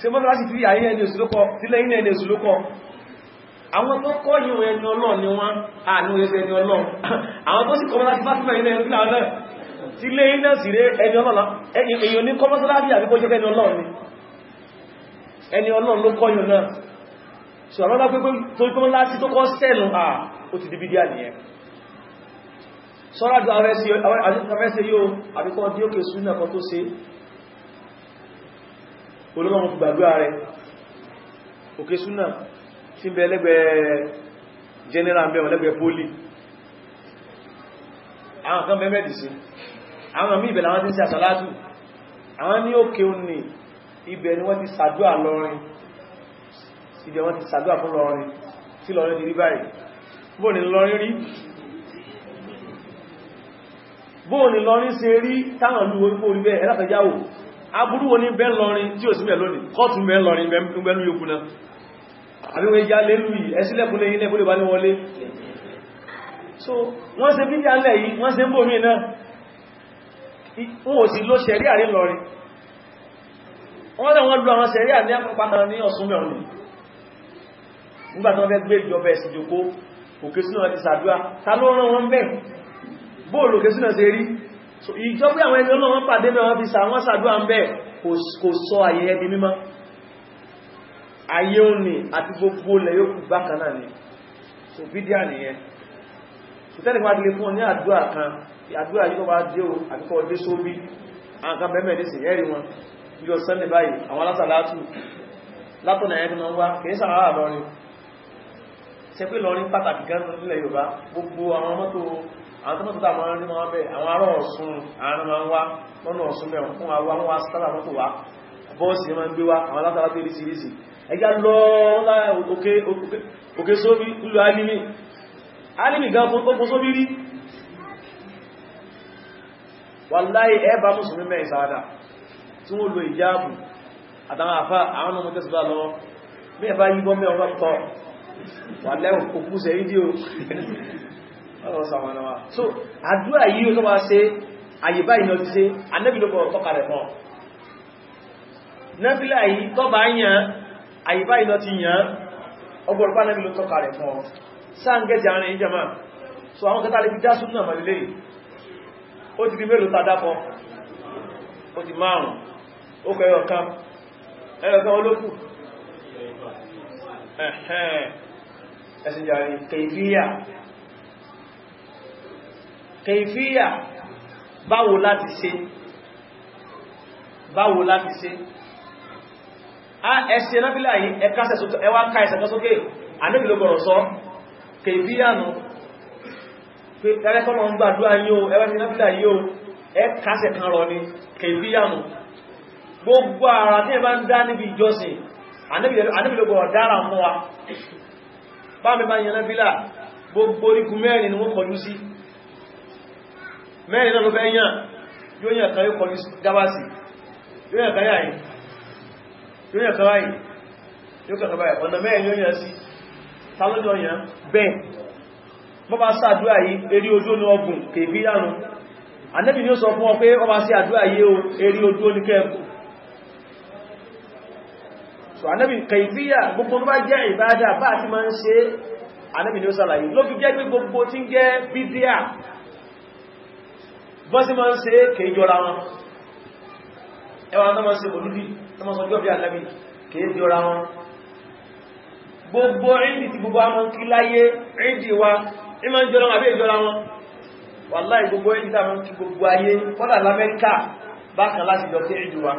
[SPEAKER 2] ṣe mọ́ láti fi àyẹ́ ẹni òsìlókọ sílẹ̀ ilẹ̀ ẹni òsìlókọ àwọn tó kọ́ yíò ẹni ọlọ́run ni wọ́n àánú ẹsẹ̀ ẹni ọlọ́run àwọn tó sì kọ́ láti fásitì ilẹ̀ ẹni ọlọ́run sílẹ̀ ilẹ̀ sì rẹ̀ ẹni ọlọ́run èyàn ní kọ́ mọ́sálásí àbíkọ́ jẹ́ ẹni ọlọ́run ni ẹni ọlọ́run ló kọ́ yíò náà ṣe àwọn ọlọ́pẹ́ pé tó kọ́ láti tó kọ́ sẹ́nu à ó ti di bídíà nìyẹn sọ́rọ̀ àdó àwẹ́sẹ̀ yóò àbíkọ́ díókè súnà kan tó se olóòrùn ti gbàdúrà rẹ̀ òkè súnà tí ń bẹ lẹ́gbẹ̀ẹ́ general bẹ̀rẹ̀ lẹ́gbẹ̀ẹ́ poli àwọn kan bẹ̀rẹ̀ dìsí àwọn mí ìbẹ̀lẹ̀ àwọn tí ń ṣe àsàlátù àwọn ní òkè òní ibẹ̀ ni wọ́n ti sàdúà lọ́rin bóò ni lọ́rin rí bóò ni lọ́rin ṣe rí táwọn lú orí bóò rí aburú wo ní bẹ́ lọrin tí ò sí bẹ̀ lónìí kọ́tù bẹ́ lọrin bẹ́nu yóò kúnná àbíwẹ̀ ìyá lélú yìí ẹsílẹ̀kún lè ilẹ̀ ní wọlé so wọ́n ṣe bí jálẹ̀ yìí wọ́n ṣe ń bò mí náà wọ́n ò sí ló ṣẹ̀rí àrí lọrin wọ́n dẹ̀ wọ́n lu àwọn ṣẹ̀rí àrí àpapọ̀ ní ọ̀sùn mẹ́rin nígbà tí wọ́n fẹ́ gbé ìjọba ẹ̀sìn jòkó òkè sínú àti sàdúrà ìjọ pé àwọn ẹni ọlọ́wọ́n pàdé mẹ́wọ́n fi sàwọn sàdúwà ń bẹ́ kò sọ ayé ẹbí mímọ́ ayé òní àti gbogbo ilẹ̀ yóò bákan náà ni so bídíà nìyẹn ìtẹ́lẹ̀ fún adìyẹ fún ọ ní àdúrà kan àdúrà yíkọ́ bá dé o àbíkọ́ dé sóbí àwọn kan bẹ́ẹ̀ mẹ́rin sí ẹ̀rí wọn yíò sẹ́lẹ̀ báyìí àwọn alásàlátù látọ̀nà ẹ̀rí wọn wá kìí sàárà lọrin ṣe pé lọrin pàtàkì gan nílẹ̀ Yorùbá gbogbo àwọn mọ́tò àwọn tó mọ́ tọ́ta àwọn rí wọn bẹ́ àwọn ará ọ̀sùn àárín wọn wá lọ́nà ọ̀sùn bẹ̀rẹ̀ fún àwọn àwọn asára mọ́tò wá bọ́ọ̀sì ma ń gbé wá àwọn látara tó rísì rísì ẹgbẹ́ lọ òkè sóbi lulù alimi alimi gan fún ọkùn sóbi rí wàláhí ẹbà mùsùlùmí mẹ́ ìsáadà tí wọ́n lo ìjáàbù àtàwọn àfá àwọn ọmọ tẹ́sùdá lọ mẹ́ẹ̀bá yíbọ́ mẹ́ ọgbà tọ́ wàláhí òkú sẹ́yí dí o ọlọ́sàwọ̀nàwà so àdúrà yìí tó wá ṣe àyèbá ìyàn ti ṣe anẹ́bìlógún ọ̀tọ́ka rẹ̀ mọ́ nẹ́fílà yìí tó bá yàn àyèbá ìyàn ti yàn ọgbọ̀rọ̀pá anẹ́bìlógún rẹ̀ mọ́ sáàngẹ́jì àárín ìjẹmà so àwọn kẹta lè fi já súnà mọ̀lélẹ̀ ó ti fi mélòó tadápọ̀ ó ti márùn ó kọ ẹyọ kan ẹyọ kan olókù ẹ̀hẹ́ ẹ̀sìn jàrí kèfíyà kẹfíyà báwo láti ṣe báwo láti ṣe a ẹ̀ṣẹ̀ náfílà yìí ẹkásẹ̀ sótò ẹwà ká ẹ̀ṣẹ̀ kan sókè àníbì ló bọ̀rọ̀ sọ kẹfíyà nù pé ẹrẹ́kọ́nà ń gbàdúrà yíò ẹwà sí náfílà yíò ẹkásẹ̀ kan rọ ni kẹfíyà nù gbogbo ara tí wa bá mi bá yẹn náfílà gbogbo orígun mẹ́rin ni wọ́n kọjú sí mẹ́rin náà ló fẹ́ yàn yóò yàn kan yóò kọlu gábásì yóò yàn kan yáyìn yóò yàn kan báyìí yóò kàn báyìí ọ̀nà mẹ́rin yóò yàn sí tálọ́jọ́ yàn bẹ́ẹ̀ bọ́ bá sàdúrà yìí ojú ní ọgbùn anẹ́bì ni ó sọ fún ọ pé ọ sí àdúrà yìí o eré ojú ní kẹ́ẹ̀kù so anẹ́bì gbogbo bá jẹ́ gbogbo tí bọ́n sí máa ń ṣe kèé jọra wọn ẹwà tó máa ń ṣe olúdí tó máa sọjọ́ bí alábi kèé jọra wọn gbogbo ìdí ti gbogbo amọ́ kí láyé ìdí wa ní máa ń jọra wọn àbí ìjọra wọn wàláì gbogbo ìdí tàbí kí gbogbo ayé kọ́dà lamẹ́ríkà bákan láti jọ kí ìdí wa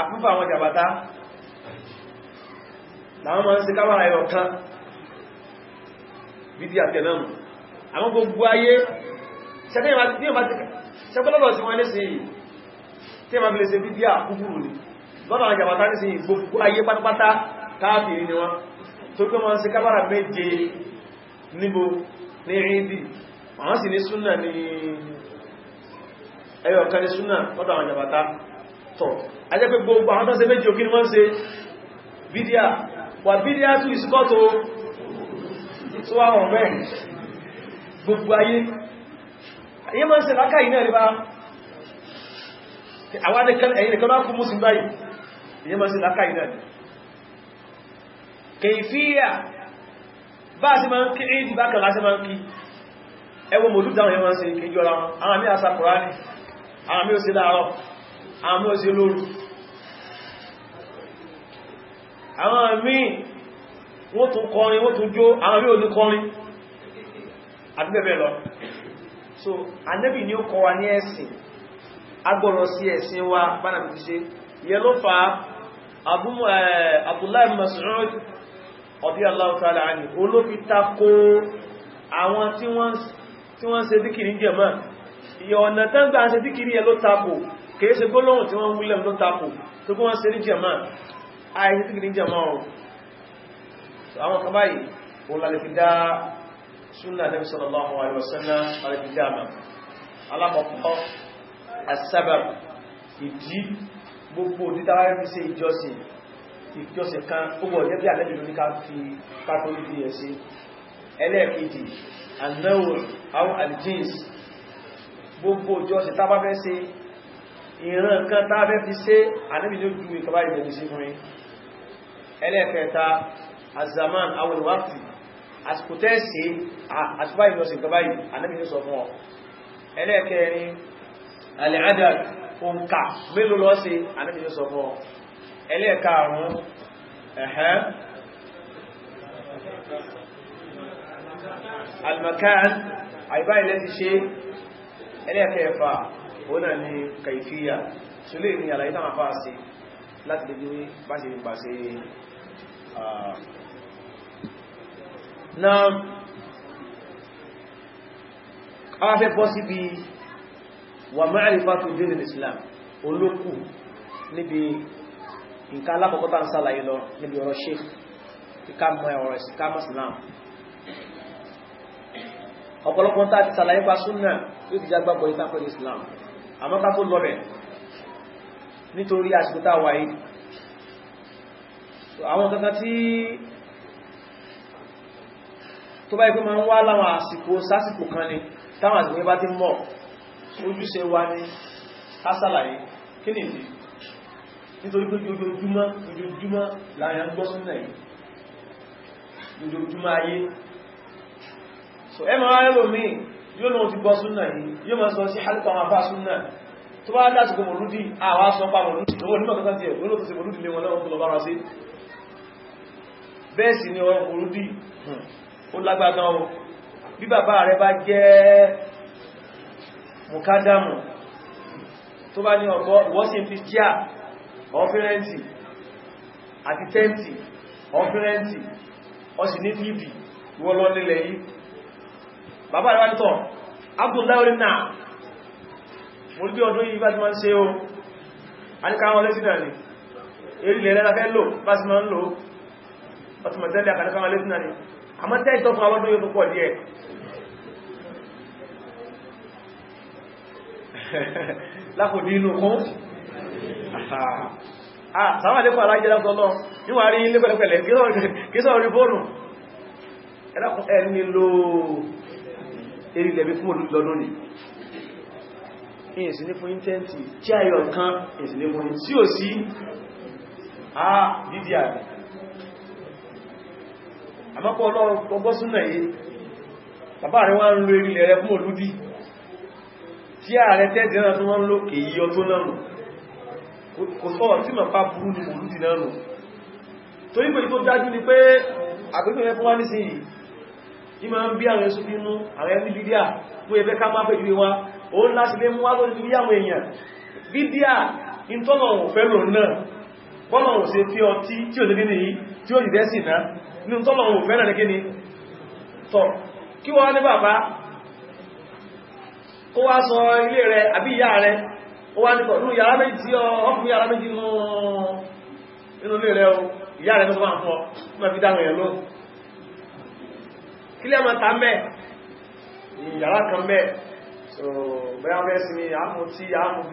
[SPEAKER 2] àkúfà àwọn àtẹ̀lẹ́mù àwọn gbogbo ayé ṣẹgbẹ́lọ́dọ̀ sí wọn lẹ́sẹ̀ yìí tí ma fi lè ṣe bí bí àkúkúrù ní lọ́dọ̀ àwọn jàbátá ní sí gbogbo ayé pátápátá káàkiri ni wọ́n tó pé wọ́n sí kábàrà méje níbo ní ríndì àwọn sì ní súnà ní ẹyọ̀kan ní súnà lọ́dọ̀ àwọn jàbátá tọ̀ ajẹ́ pé gbogbo àwọn tó ṣe méje òkè ni wọ́n ṣe bídíà wà bídíà tún ìsúkọ́ tó wà wọ̀n bẹ́ẹ̀ gbogbo ayé ayé máa ń ṣe lákàáyì náà rí bá àwọn ẹ̀yìn nìkan bá kú mùsùn báyìí ayé máa ń ṣe lákàáyì náà rí kèfíyà bá a sí máa ń kí ìdí bá kàlá sí máa ń kí ẹwọ mòlú dáhùn ẹwọ ń ṣe kéjọ ra wọn àwọn àmì àṣà kùránì àwọn àmì òsì láàárọ̀ àwọn àmì òsì lóru àwọn àmì wọ́n tún kọrin wọ́n tún jó àwọn àdúgbẹ̀bẹ̀ lọ so anẹ́bì ni ó kọ wa ní ẹ̀sìn agbọ́rọ̀ sí ẹ̀sìn wa bánàbì ti ṣe yẹ ló fa eh, Abdullahi Mas'ud radiyallahu ta'ala anhu olófi takó àwọn tí wọ́n ń ṣe díkìrí jẹ̀mọ́ ìyọ̀ ọ̀nà tán gbà ń ṣe díkìrí ẹ ló tapò kìí ṣe gbólóhùn tí wọ́n ń ló tapò tó kó wọ́n ṣe ní jẹ̀mọ́ àìsí díkìrí jẹ̀mọ́ àwọn kan báyìí òun lálẹ́ fi dá súnà nabi sallallahu alaihi wasallam alìbìdáàmà alákọ̀ọ́kọ́ asábà ìdí gbogbo dídára fi ṣe ìjọsìn ìjọsìn kan gbogbo ọ̀yẹ́ bí alẹ́bì lórí ká fi pàtó ibi ẹ̀ sí ẹlẹ́ẹ̀kejì anáwòr àwọn aljins gbogbo ìjọsìn tábá fẹ́ ṣe ìran kan tábá fẹ́ fi ṣe alẹ́bì ló ju ìkọba ìbẹ̀bì sí fún mi ẹlẹ́ẹ̀kẹta azaman àwọn ìwáfì àsìkò tẹ́ẹ̀sì àtúbá ìlọsìn gaba yìí anábì ní sọ fún ọ ẹlẹ́ẹ̀kẹrin alẹ́adà òǹkà mélòó lọ sí anábì ní sọ fún ọ ẹlẹ́ẹ̀karùn ẹ̀hẹ́n almakan àìbá ilẹ̀ ti ṣe ẹlẹ́ẹ̀kẹfà ó náà ni kàìfíyà ṣúlé ní àlàyé na awáfẹ́ bọ́ síbi wà ma'rifatu dinil islam olókù níbi nǹkan alákọ̀ọ́kọ́ta ń sàlàyé lọ níbi ọ̀rọ̀ sheikh ìká mọ́ ọ̀rọ̀ ìsìká mọ́sílám ọ̀pọ̀lọpọ̀ tá ti sàlàyé pa súnà yóò ti jágbàgbọ́ ìtàkùn islam àmọ́ ká tó lọ rẹ̀ nítorí àsìkò tá wà yìí àwọn kankan tí tó bá yẹ pé máa ń wá láwọn àsìkò sásìkò kan ni táwọn àsìkò yẹn bá ti mọ̀ ojúṣe wa ni ká ṣàlàyé kí ni ìdí nítorí pé ojoojúmọ́ ojoojúmọ́ láàrin gbọ́ súnà yìí ojoojúmọ́ ayé so ẹ máa rẹ̀ lómi yóò náà ti gbọ́ súnà yìí yóò máa sọ sí hálùkọ àwọn afá súnà tó bá dásìkò mọ̀lúdí àwá sọ pa mọ̀lúdí lọ́wọ́ nígbà kan tí ẹ̀ lọ́wọ́ tó sì mọ̀lúdí lé wọn lọ́wọ́ tó lọ bára sí bẹ́ẹ̀ sì ni ọ̀rọ̀ mọ̀lúdí ó lágbàá gan o bí bàbá rẹ bá jẹ́ mùkádàmù tó bá ní ọ̀pọ̀ wọ́sìn fi jíà ọ́fírẹ́ntì àti tẹ́ntì ọ́fírẹ́ntì ọsì ní níbi wọ́lọ́ nílẹ̀ yìí bàbá rẹ bá tọ́ abdullahi náà mo rí bí ọdún yìí bá ṣe o a ní lẹ́sìn náà ni erí lẹ́lẹ́ra fẹ́ lò bá ń lò ọtí mọ̀tẹ́lẹ̀ àkàlẹ́káwọn lẹ́sìn náà ni àmọ́ tẹ́ ìtọ́fún àwọn ọdún yóò pọ̀ díẹ̀ lákòdí inú kún àtàwọn àdékò alájẹ́ lásọ́lọ́ níwà rí ilé pẹ̀lẹ̀pẹ̀lẹ̀ kìsọ̀ orí fóònù ẹ̀lákùn ẹni ló erílẹ̀ bí fún olùlọ́dún ni ìsìnlẹ̀ fún intẹ́ntì tí ayọ̀ kan ìsìnlẹ̀ fún tí ò sí àà dídí àgbẹ̀ àmọ́pọ̀ ọlọ́run gbogbo súnà yìí bàbá rẹ̀ wá ń lo ilẹ̀ rẹ̀ fún olúdí tí ààrẹ tẹ́ẹ̀dì náà tó wọ́n ń lò kèyí ọdún náà kò sọ́wọ́ tí màá burú ní olúdí náà nù tó yípo tó dájú ni pé àgbẹ́gbẹ́ fún wá ní sí yìí ní máa ń bí àwọn ẹ̀sùn bínú àwọn ẹni bídíà fún ẹgbẹ́ ká máa pẹ̀lú wa ó ń láti lé bọ́nà ò ṣe ọtí tí ò nígbé nìyí tí ó yìí sí náà ní tọ́lọ̀ òun fẹ́ràn ní kíni kí wọ́n ní bàbá kó wá sọ ilé rẹ̀ àbí ìyá rẹ̀ ó wá ní yàrá méjì ọkùnrin yàrá méjì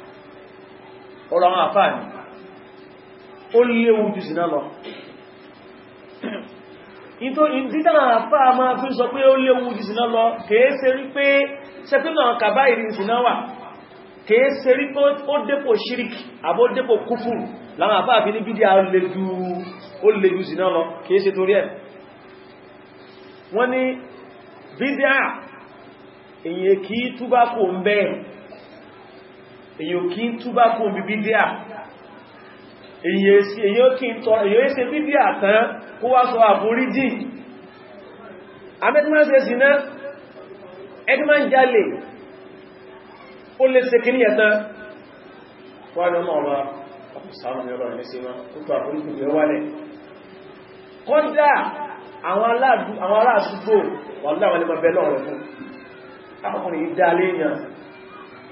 [SPEAKER 2] ọ̀rọ̀ àwọn àfáà ni ó léwu jù sí náà lọ ìdítànà àfáà máa fi sọ pé ó léwu jù sí náà lọ kèé ṣe rí pé sẹ́pínà kàbá ìrìn sí náà wà kèé ṣe rí pé ó dépò ṣíríkì àbó dépò kúfùrù láwọn àfáà fi ní bídí ó lè jù sí náà lọ kèé ṣe torí ẹ̀ wọ́n ní bídí èyí kìí túbá kò ń bẹ́ẹ̀ èyàn kí ń túbá kó bí bídíà èyàn kí ń tọ́ èyàn ṣe bídíà tán kó wá sọ àforíjì abẹ́tìmọ́ ṣe sí náà ẹgbẹ́mọ́ ń jálè ó lè ṣe kí níyàtán wọ́n ni ọmọ ọba ọkùnsáàmù ní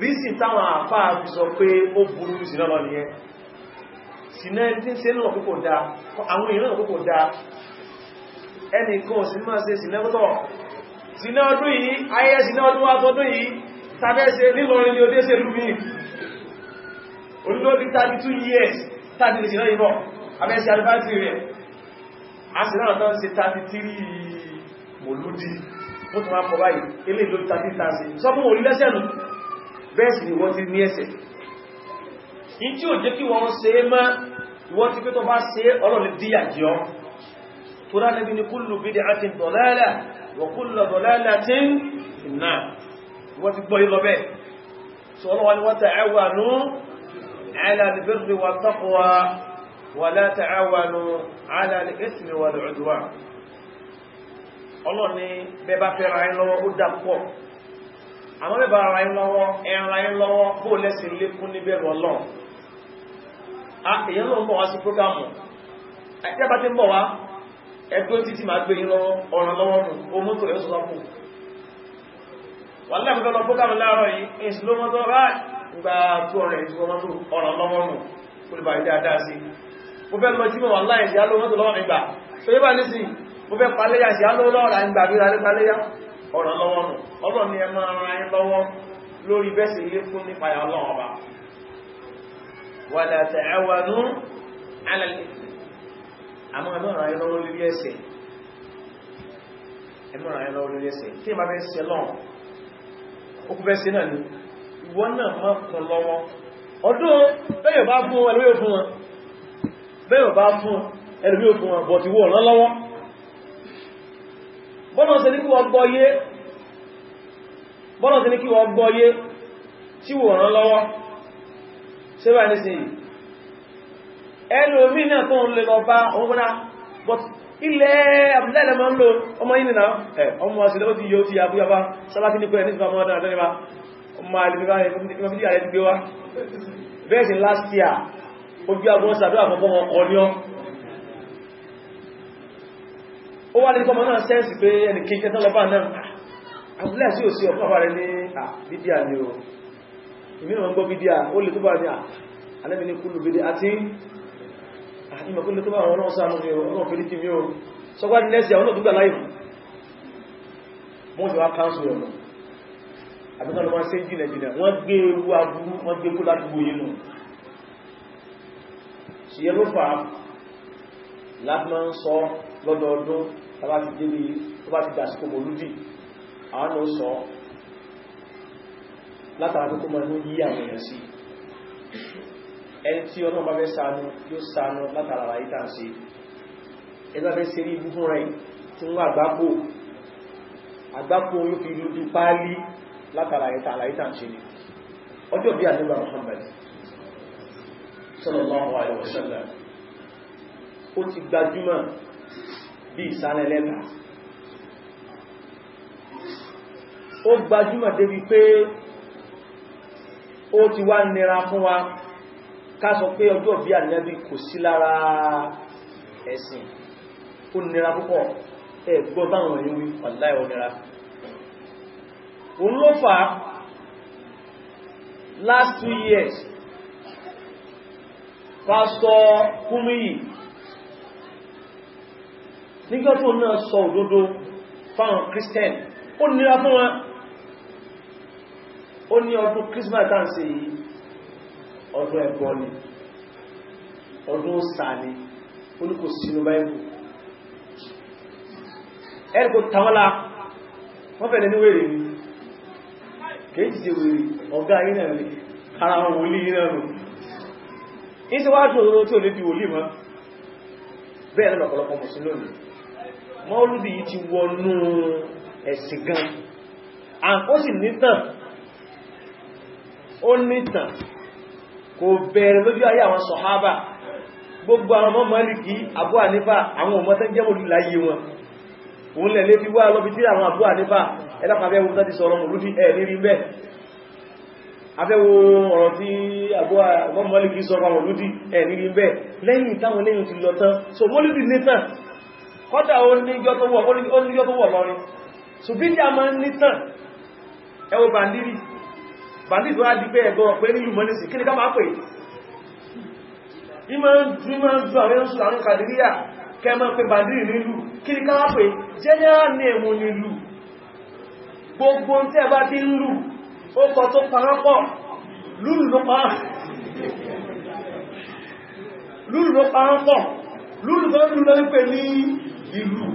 [SPEAKER 2] rísì táwọn àfáà fi sọ pé ó burú sínà lọ nìyẹn sínà tí ń ṣe lọ púpọ̀ dá àwọn èèyàn lọ púpọ̀ dá ẹnìkan sí máa ṣe sínà púpọ̀ sínà ọdún yìí ayẹyẹ sínà ọdún wá tọdún yìí tàbẹ́ ṣe nílọrin ní odé ṣe lúmí olúlórí 32 years tàbí lè sínà ìbọ̀ abẹ́ ṣe alifásí rẹ̀ a sì náà tán ṣe 33 mòlúdí ó tún wá kọ báyìí ilé ìlú 33 sọ́mọ́ orílẹ̀-èdè bẹ́ẹ̀ sì ni wọ́n ti ní ẹ̀ṣẹ̀ in tí ò jẹ́ kí wọ́n ṣe é mọ́ wọ́n ti pé tó bá ṣe ọlọ́lẹ̀ díyà jọ tó rá lẹ́bí ní kullu bid'atin dalalah wa kullu dalalatin finnar wọ́n ti gbọ́ àmọ́ bẹ́ẹ̀ bá ara yín lọ́wọ́ ẹran yín lọ́wọ́ kó lẹ́sìn lékún níbẹ̀rù ọlọ́run èyàn náà ń bọ̀ wá sí prógámù ẹgbẹ́bá tí ń bọ̀ wá ẹgbẹ́ títí máa gbé yín lọ́wọ́ ọ̀ràn lọ́wọ́ nù ohun mọ́tò rẹ̀ sọ́wọ́ kù wà lẹ́gbẹ́ lọ prógámù láàárọ̀ yìí ìṣìlómọ́tò rà gba tó ọ̀rẹ́ ìṣìlómọ́tò ọ̀ràn lọ́wọ́ nù kó lè bá ilé adáa sí mo fẹ́ lọ jímọ̀ wà láì sí alómọ́tò lọ́wọ́ nígbà tó yẹ bá ní lọ́wọ́ ọ̀ràn lọ́wọ́ nù ọlọ́run ni ẹ máa ra lọ́wọ́ lórí bẹ́sẹ̀ ilé fún nípa ọba 'ala àmọ́ ra lọ́wọ́ lórí ẹ̀ṣẹ̀ ẹ ra yín lọ́wọ́ lórí ẹ̀ṣẹ̀ tí ẹ fẹ́ bọ́nà sí ní kí wọ́n gbọ́yé tí wọ́n rán lọ́wọ́ ṣe bá ní sí ẹlò mí náà tó ń lè lọ bá ọmọdá but ilẹ̀ àbúlẹ̀lẹ̀ ma ń lo ọmọ yìí nìna ọmọ asìlẹ̀ ó ti yóò ti àbúyàbá sábátí ní pẹ̀lẹ̀ nígbà mọ́dá àtẹ́lẹ́bá ọmọ alìbíbá ẹgbẹ̀rẹ̀ ti gbé wá bẹ́ẹ̀ sí last year ojú agbọ́nsàdó àkọ́kọ́ ọkọ̀ ní ọ ó wá lè kọ́ mọ́ náà sẹ́ǹsì pé ẹni kéjẹ tán lọ́pàá náà àbúlẹ̀ sí òsì ọ̀pọ̀ àwárẹ̀ ní bídíà ni o ìmìnà gbọ́ bídíà ó lè tó bá ní alẹ́mi ní kúlù bídí àti ìmọ̀kúlù tó bá wọn náà sáà ní ọ̀nà fèrè kí mi o sọgbà ní nẹ́sì àwọn òdúgbà láì mọ́ ìwà káńsù ọ̀nà àbíkọ́ ló máa ṣe jìnà jìnà wọ́n gbé ewu aburú wọ́n gbé kó ládùúgbò yìí nù ṣìyẹ́ ló tàbá ti débi tó bá ti dàsìkò mọ̀lúdì àwọn náà sọ látara tó kó mọ̀ ní yí àwọn èèyàn sí ẹni tí ọlọ́run bá fẹ́ ṣàánú yóò ṣàánú látara àyí tàn sí ẹgbẹ́ fẹ́ ṣe rí ibú fún rẹ̀ tí wọ́n àgbápò àgbápò yóò fi lójú páálí látara àyí tàn sí ni ọjọ́ bí àdúgbà Muhammad sallallahu alaihi wasallam ó ti gbajúmọ̀ bí ìsàlẹ̀ lẹ́ta ó gbajúmọ̀ débi pé ó ti wá nira fún wa ká sọ pé ọjọ́ bí ànẹ́bí kò sí lára ẹ̀sìn ó nira púpọ̀ ẹgbọ́ báwọn èyí wí ọ̀láì onira òun ló fà last two years pastor Kúmíyì nígbà tó náà sọ òdodo fáwọn christian ó nira fún wọn ó ní ọdún christmas tá ń ṣe yìí ọdún ẹ̀bọ ni ọdún ọ̀sà ni ó ní kò sínú báyìí ẹ̀rùkù tàwọ́lá wọ́n fẹ̀lẹ̀ ní wèrè ní kéjì sí wèrè ọ̀gá yìí náà lè ara wọn wòlí yìí náà nù ní sí wájú òun tó lè fi wòlí mọ́ bẹ́ẹ̀ lọ́pọ̀lọpọ̀ mùsùlùmí mọ́lúdì yìí ti wọnú ẹ̀sìn gan ó sì nítàn ó nítàn kò bẹ̀rẹ̀ lójú ayé àwọn sọ̀hábà gbogbo àwọn ọmọ Málíkì Abu Hanifa àwọn ọmọ tẹ́ jẹ́ mọ́lúdì láyé wọn òun lẹ̀ lé fi wá tí àwọn Abu Hanifa ẹlápàá ẹwọ́n tàbí sọ̀rọ̀ mọ̀lúdì ẹ̀ nírí bẹ́ẹ̀ afẹ́wò ọ̀rọ̀ tí àbúwà mọ́lúdì sọ̀rọ̀ mọ̀lúdì ẹ̀ nírí bẹ́ẹ̀ lẹ́yìn táwọn lẹ́yìn so mọ́lúdì nítàn kọ́dà ó níjọ́ tó wọ̀ lọ́rin ṣùgbídíà máa ń nítàn ẹwọ bandiri bandiri wá di pé ẹgbọ́n pé ní humanism kí ni ká máa pè ní máa ń ju àwọn ẹ̀ṣù àwọn kàdìríà kẹ máa pè bandiri nílù kí ni ká máa pè general name nílù gbogbo tí ẹ bá ti ń lù ó kọ tó parapọ̀ lúlù ló parapọ̀ lúlù tó lù pè ní ìlú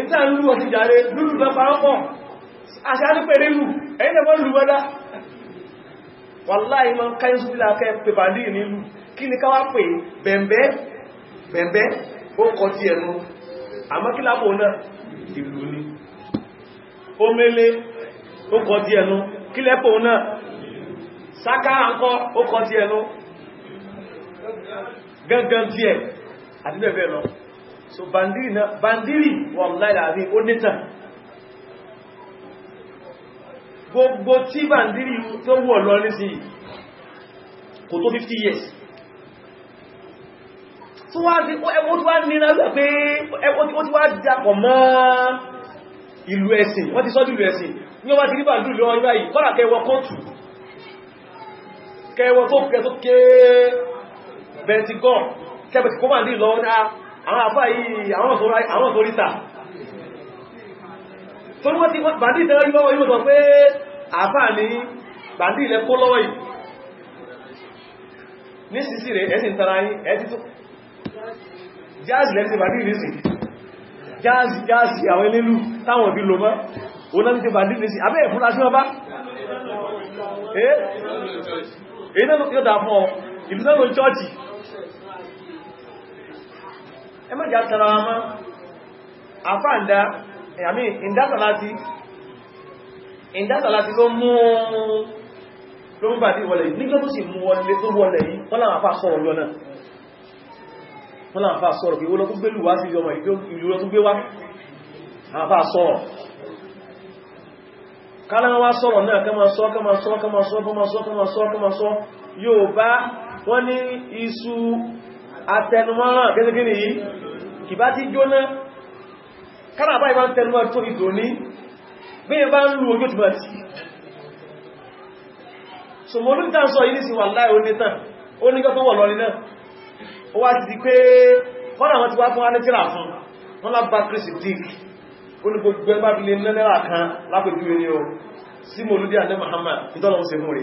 [SPEAKER 2] ìta jàre lúlù lọ parọ́pọ̀ aṣáájú lù ẹ̀yìn lẹ́mọ́ lù wọ́dá wàláì máa káyí sí kí ni káwà pè bẹ̀m̀bẹ̀ bẹ̀m̀bẹ̀ ó kọ ti ẹ̀nu àmọ́ kí lápò náà ìlú ni ó ó kọ ti ẹ̀nu kí lẹ́pò náà sáká àkọ́ ó kọ gẹ́gẹ́ àti so bandiri náà bandiri wallahi láàrin ó nítàn gbogbo tí bandiri tó wọ̀ lọ ní sí kò tó 50 years tó wá sí ẹwọ́ tó wá nínú rẹ̀ pé ẹwọ́ tí wá dàpọ̀ mọ́ ìlú ẹ̀sìn wọ́n ti sọ́dún ìlú ẹ̀sìn ní ọba ti rí bandiri lọ ibá yìí kọ́nà kẹwọ́ kọ́tù kẹwọ́ tó kẹ tó ké bẹ̀ẹ̀tì gọ́ọ̀ kẹbẹ̀tì kọ́ bandiri lọ náà àwọn àfá yìí àwọn sóríta tó ní wọ́n ti bàndí ìtẹ́lẹ́ rí lọ́wọ́ yíò sọ pé àfá ní bàndí ilẹ̀ kó lọ́wọ́ yìí ní sísí rẹ̀ ẹ̀sìn tara yìí ẹ̀sì tó jáàzì lẹ́sì bàndí ìrísì jáàzì jáàzì àwọn elélu táwọn bí lọ́mọ́ onáni ti bàndí ìrísì abẹ́ ìfúnra náà yóò dà fún ọ ìlú ẹ má jà tara wa mọ́ àfáàndá ẹ̀yàmí ìndásàláti ìndásàláti ló mú ló mú bàtí wọlé yìí nígbà tó sì mú wọlé tó wọlé yìí wọ́n láwọn àfá sọ̀rọ̀ lọ́nà wọ́n láwọn àfá sọ̀rọ̀ pé ó lọ́kún gbé lùwá sí ọmọ ìlú lọ́kún gbé wá àfá sọ̀rọ̀ náà kama sọ kama sọ kama sọ kama sọ kama sọ kama sọ yóò bá wọ́n ní isu atẹnumọ́ràn gẹ́gẹ́gẹ́ yìí kì bá ti jóná kánàbá ìbá ń tẹnumọ́ tó ìdò ní bí i bá ń lú ojú jùmọ̀ tí so mo ní tàn sọ yìí sí wà láì ó nítàn ó ní gọ́tọ́ wọ̀ lọ nínà ó wá ti di pé wọ́n àwọn ti wá fún alẹ́tìrà fún wọ́n lábá kristi dick ó ní gbogbo ẹgbà bí lè nẹ́lẹ́rà kan o sí mo lúdí àdẹ́ Muhammad ìtọ́lọ́wọ́sẹ̀ mú rí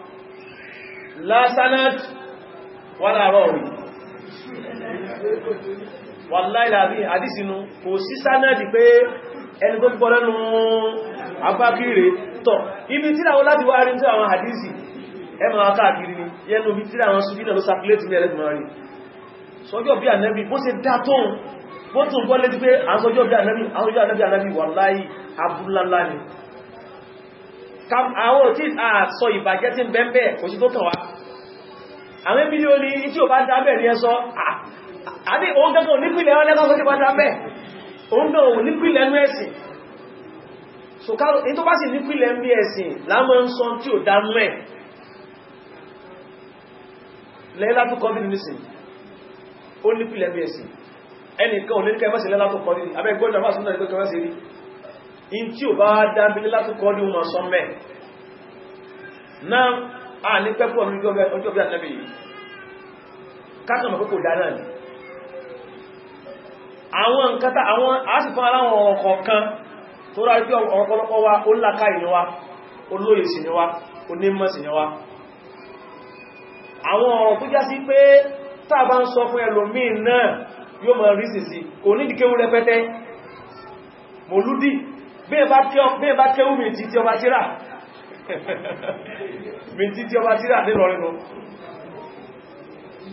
[SPEAKER 2] lásánát wọ́lá rọ̀ rí wàláìláàbí àdísìnú kò sí sánàdì pé ẹni tó gbọ́ lẹ́nu agbákìrì tọ̀ ibi tí àwọn láti wá rí tí àwọn àdísì ẹmọ akáàkiri ni yẹnu bí tí àwọn ṣubínà ló sàkílẹ̀tì ní ẹlẹ́gbùn rí sọjọ́ bí ànẹ́bí bó ṣe dá tóun bó tún gbọ́ létí pé àwọn sọjọ́ bí ànẹ́bí wàláì abúlálá ni àwọn òtí àsọ ìbàjẹ́ tí ń bẹ́ bẹ́ẹ̀ kò sí tó kàn wá àwọn mílíò ní tí ò bá dábẹ̀ ní ẹsọ àbí òun gẹ́gẹ́ onípìlẹ̀ ọlẹ́gbọ́n tó ti bá dábẹ̀ òun náà ò nípìlẹ̀ ẹnu ẹ̀sìn so ká ní tó bá sì nípìlẹ̀ ẹnu ẹ̀sìn lámọ́ ń sọ tí ò dánú ẹ̀ lẹ́lá tó kọ́bí nìsìn ó nípìlẹ̀ ẹnu ẹ̀sìn ẹnìkan ò ní kẹfẹ́sì lẹ́lá tó kọ́bí abẹ́gbọ́n in tí ò bá dábílé látúkọ́ ní ọmọ sọmẹ́ náà a ní pẹ́pọ̀ ní ọjọ́ bí àtẹ́bì yìí kákàmà dáná ní àwọn nkátà àwọn àásìfán aláwọn ọkọ̀ tó rá rí ọ̀pọ̀lọpọ̀ wa ó láká ìníwá olóyè sí níwá onímọ̀ sí níwá àwọn ọ̀rọ̀ tó já sí pé tàbá ń sọ fún ẹlòmíì náà yóò mọ̀ rí sí sí kò ní ìdíkéwú mòlúdì bẹ́ẹ̀ bá kéwú méjì ti ọba tíra méjì ti ọba tíra nílọ nínú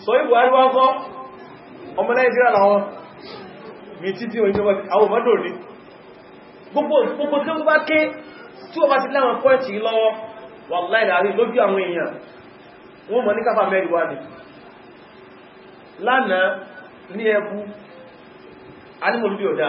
[SPEAKER 2] sọ ìbò àríwá ń kọ́ ọmọ nàìjíríà làwọn méjì tí wọ́n gbogbo gbogbo ọba ti láwọn àwọn èèyàn ní anímọ̀lúbí ọ̀dá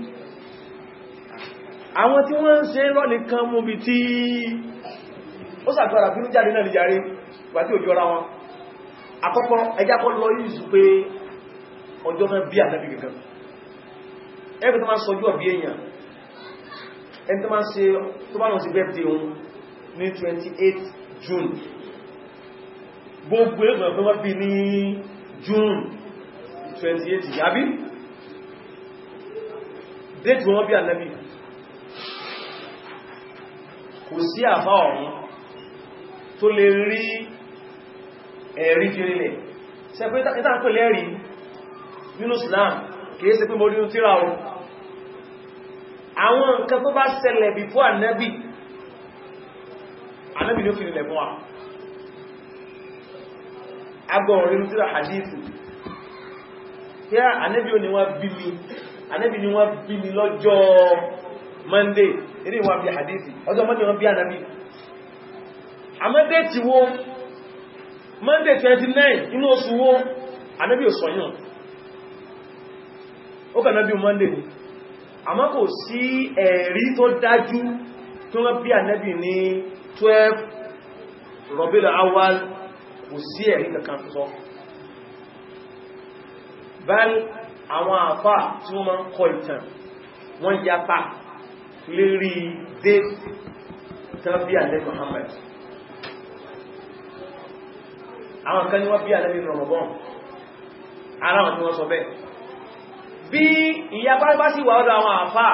[SPEAKER 2] àwọn tí wọ́n ń ṣe rọ́ nìkan mú bí tí ó sàgbàrà fún jáde náà nìjàre wà tí òjò ra wọn àkọ́kọ́ ẹjá kọ́ lọ yìí pé ọjọ́ náà bí ànábì kankan ẹgbẹ́ tó máa ń sọjú ọ̀bí èèyàn ẹni tó máa ń ṣe tó bá lọ sí birthday òun ní 28 June gbogbo ẹgbẹ̀rún tó wọ́n bí ní June 28 yàbí date wọ́n bí ànábì kò sí àfá ọ̀run tó lè rí ẹ̀rí fìrìnlẹ̀ ṣe pé ìtàn pè lẹ́rí nínú Islam kìí ṣe pé mo rínú tíra o àwọn nǹkan tó bá ṣẹlẹ̀ bí fún ànábì ànábì ló fìrìnlẹ̀ fún wa agbọ̀n rínú tíra hadithu kí ànábì ò ní wọ́n bí mi ànábì ní wọ́n Monday eré wọn bí hadithi ọjọ́ mọ́dé wọn bí ànábì àmọ́dé ti wo monday 29 inú oṣù wo ànábì ò sọ̀yàn ó kà nábì monday ni àmọ́ kò sí ẹ̀rí tó dájú tí wọ́n bí ànábì ní 12 Rabiul Awwal kò sí ẹ̀rí kankan sọ báyìí àwọn àfáà tí wọ́n máa ń kọ ìtàn wọ́n yapa lérí date tán bí alẹ́ Muhammad àwọn kan ní wọ́n bí alẹ́ nínú Ramadan ara wọn ni wọ́n sọ bẹ́ẹ̀ bí ìyapa bá sì wà ọ́dọ̀ àwọn àfá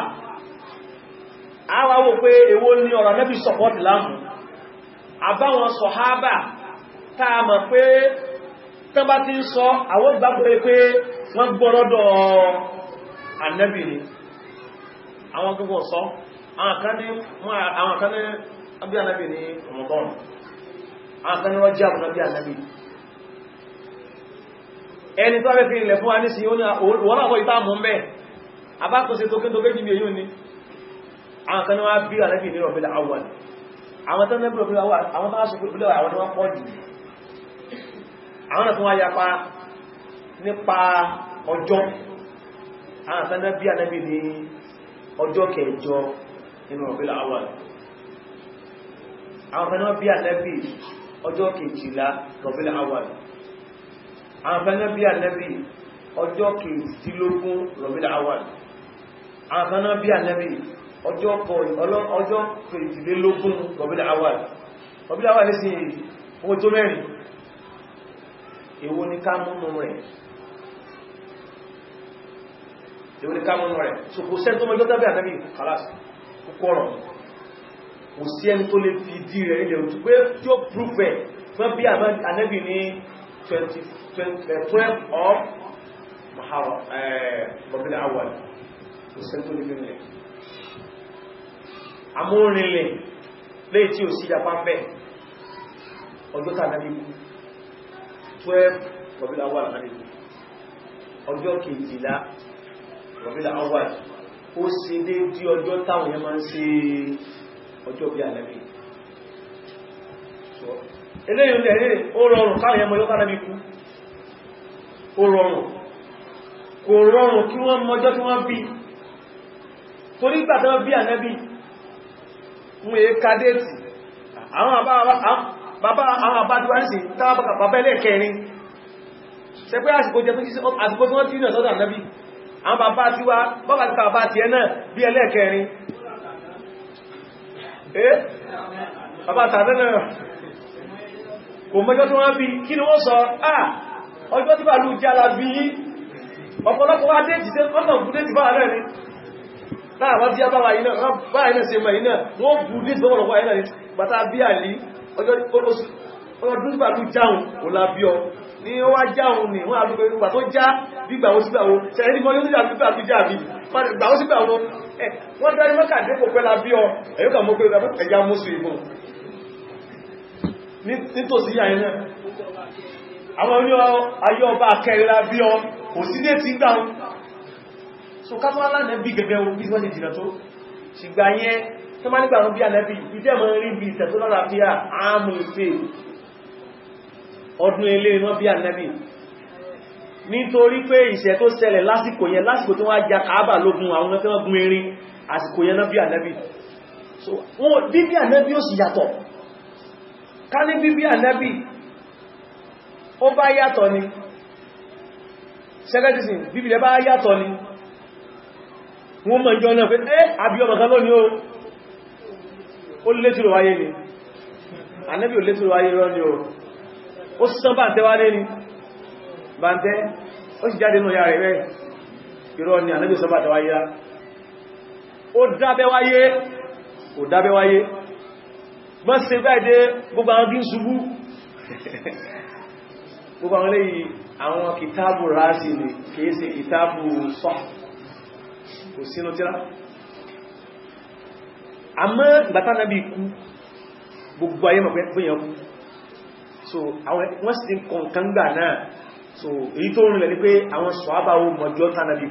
[SPEAKER 2] àwáwò pé èwo ní ọ̀rọ̀ nẹ́bí support láàmù àbáwọn sọ̀hábà táa mọ̀ pé tán bá ti ń sọ àwọn ìgbàgbọ́ pé wọ́n gbọ́rọ́dọ̀ ànẹ́bì ni àwọn gbogbo sọ àwọn kan ní bí anábì ní ọmọdọ́rùn àwọn kan ní wọ́n jẹ́ àbúrò bí anábì ẹni tó fẹ́ fi ilẹ̀ fún wa ní sí wọ́n àwọn ìta mọ́ mẹ́ abákòsí tó kí tó fẹ́ jìbì èyí ni àwọn kan ní wọ́n bí anábì ní rọ̀bílà àwọn àwọn tó ní rọ̀bílà àwọn tó wá sọ rọ̀bílà àwọn ni wọ́n pọ̀ jù àwọn tó wá yapa nípa ọjọ́ àwọn kan ní bí anábì ní ọjọ́ kẹjọ nínú ọ̀bílá awà àwọn fẹ́nà bí ànẹ́bì ọjọ́ kejìlá ọ̀bílá awà àwọn fẹ́nà bí ànẹ́bì ọjọ́ kejìdínlógún ọ̀bílá awà àwọn fẹ́nà bí ànẹ́bì ọjọ́ kejìdínlógún ọ̀bílá awà ọ̀bílá awà ní sí owó tó mẹ́rin èwo ni ká mú mú rẹ̀ ló ní kámúnú rẹ̀ so kò sẹ́ni tó mọ́ jọ́tàbí àtàbí kàlásì kòkòrò kò sí ẹni tó lè fi dí rẹ̀ ilẹ̀ òtù pé tí ó prúfẹ̀ wọ́n bí ànábì ní 12 eh, of Muharram eh, bọ̀bílẹ̀ awal ọjọ́ kejìlá rọ̀bílà awal ó ṣe déédé ọjọ́ táwọn yẹn máa ń ṣe ọjọ́ bí ànábì eléyìí lè rí ó rọrùn káwọn yẹn mọ yóò kánábì kú ó rọrùn kò rọrùn kí wọ́n mọjọ́ tí wọ́n bí torí gbàtọ́ bí ànábì mú èé kádẹ́ẹ̀tì àwọn àbájúwá sí tábàkà bàbá ẹlẹ́ẹ̀kẹrin ṣe pé àsìkò jẹ́ pé àsìkò tí wọ́n tí ní ọ̀sọ́dọ̀ ànábì àwọn bàbá tí wá bọ́bà tí bàbá tí ẹ náà bí ẹlẹ́ẹ̀kẹrin eh bàbá tàbí náà kò mọ́jọ́ tí wọ́n bí kí ni wọ́n sọ ah ọjọ́ tí bàlú jala bí ọ̀pọ̀lọpọ̀ wá déètì sí ọ̀nà òkú déètì bá rẹ̀ ni láàwọ́ bí abáwa iná báyìí náà se mọ̀ iná wọ́n bú ní ìgbọ́wọ̀lọpọ̀ iná ni bàtà bí àlí ọjọ́ ọdún tí bàlú jáun ò lábí ọ Ni ó wá já òun ní wọ́n àdúgbò ìgbà tó já gbígbà ó sígbà òun ṣẹ̀rẹ́ ní mọ́lẹ́ nígbà gbígbà tó já bí gbà ó sígbà òun wọ́n dárí mọ́kà dé kò pẹ́lá bí ọ ẹ̀yọ́ kà mọ́ pé ẹja mú ìbò nítòsí yà iná àwọn oní so káfọ́ alánà bí gẹ̀gẹ̀ ohun bí wọ́n ti dìnà tó ṣùgbà yẹn tó má nígbà wọn bí ànẹ́bí ọdún ilé iná bí ànẹ́bì nítorí pé ìṣẹ́ tó ṣẹlẹ̀ lásìkò yẹn lásìkò tí wọ́n já kàábà lógun àwọn ọmọ tí wọ́n gun erin àsìkò yẹn náà bí ànẹ́bì bíbí ànẹ́bì ó sì yàtọ̀ ká ní bíbí ànẹ́bì ó bá yàtọ̀ ni sẹ́gẹ́tìsìn bíbí lẹ bá yàtọ̀ ni wọ́n mọ̀ jọ náà pé ẹ́ àbí ọmọ kan lónìí ó létí lọ wáyé ni ànẹ́bì ò létí lọ wáyé rọ́ ó sán bàǹtẹ́ wá lé ní bàǹtẹ́ ó sì jáde nù ya rẹ̀ rẹ̀ irọ́ ni ànábì sán bàǹtẹ́ wáyé ó dábẹ́ wáyé ó dábẹ́ wáyé mọ́ sí báyìí gbogbo àwọn bí ń ṣubú gbogbo àwọn eléyìí àwọn kìtàbù so wọ́n sì ń kọ̀ǹkan gbà náà so èyí tó rìnlẹ̀ ní pé àwọn sọ̀ábà ó mọ̀jọ́ tánàbí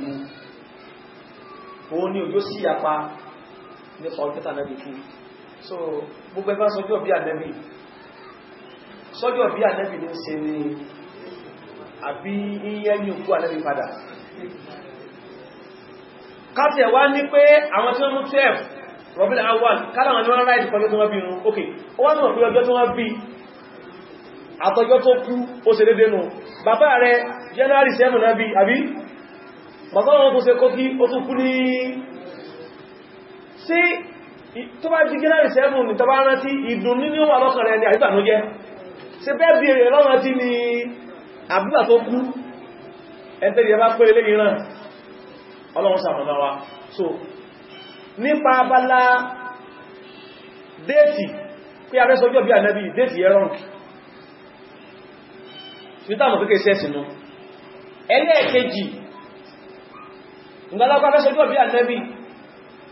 [SPEAKER 2] kú òun ni òjò sí apá nípa ọjọ́ tánàbí kú so gbogbo ẹgbẹ́ sọjọ́ bí ànẹ́bì sọjọ́ bí ànẹ́bì ní ṣe ni àbí iyẹ́ ní òkú ànẹ́bì padà káti ẹ̀wá ní pé àwọn tí wọ́n mú 12 Robin awal kára àwọn ni wọ́n ráìdì pọ̀lú tó wọ́n bí irun ok ó wá náà pé ọjọ́ tó wọ́n bí àtọjọ́ tó kú ó ṣe dédé nù bàbá rẹ̀ january 7 náà bí àbí bàbá wọn kò ṣe kó kí ó tún kú ní sí tó bá jí january 7 ní tọba rántí ìdùn nínú wà lọ́kàn rẹ̀ ní àríbànújẹ́ ṣe bẹ́ẹ̀ bí èrè lọ́rọ̀ ni àbúgbà tó kú ẹ̀tẹ́rì ẹbá pé lé ìran ọlọ́run sàmọ̀nà wa nítàmù kéèkéé sẹ́sì nú ẹlẹ́ẹ̀kejì ìgbàlápá fẹ́ sọjú ọ̀bí àtẹ́bí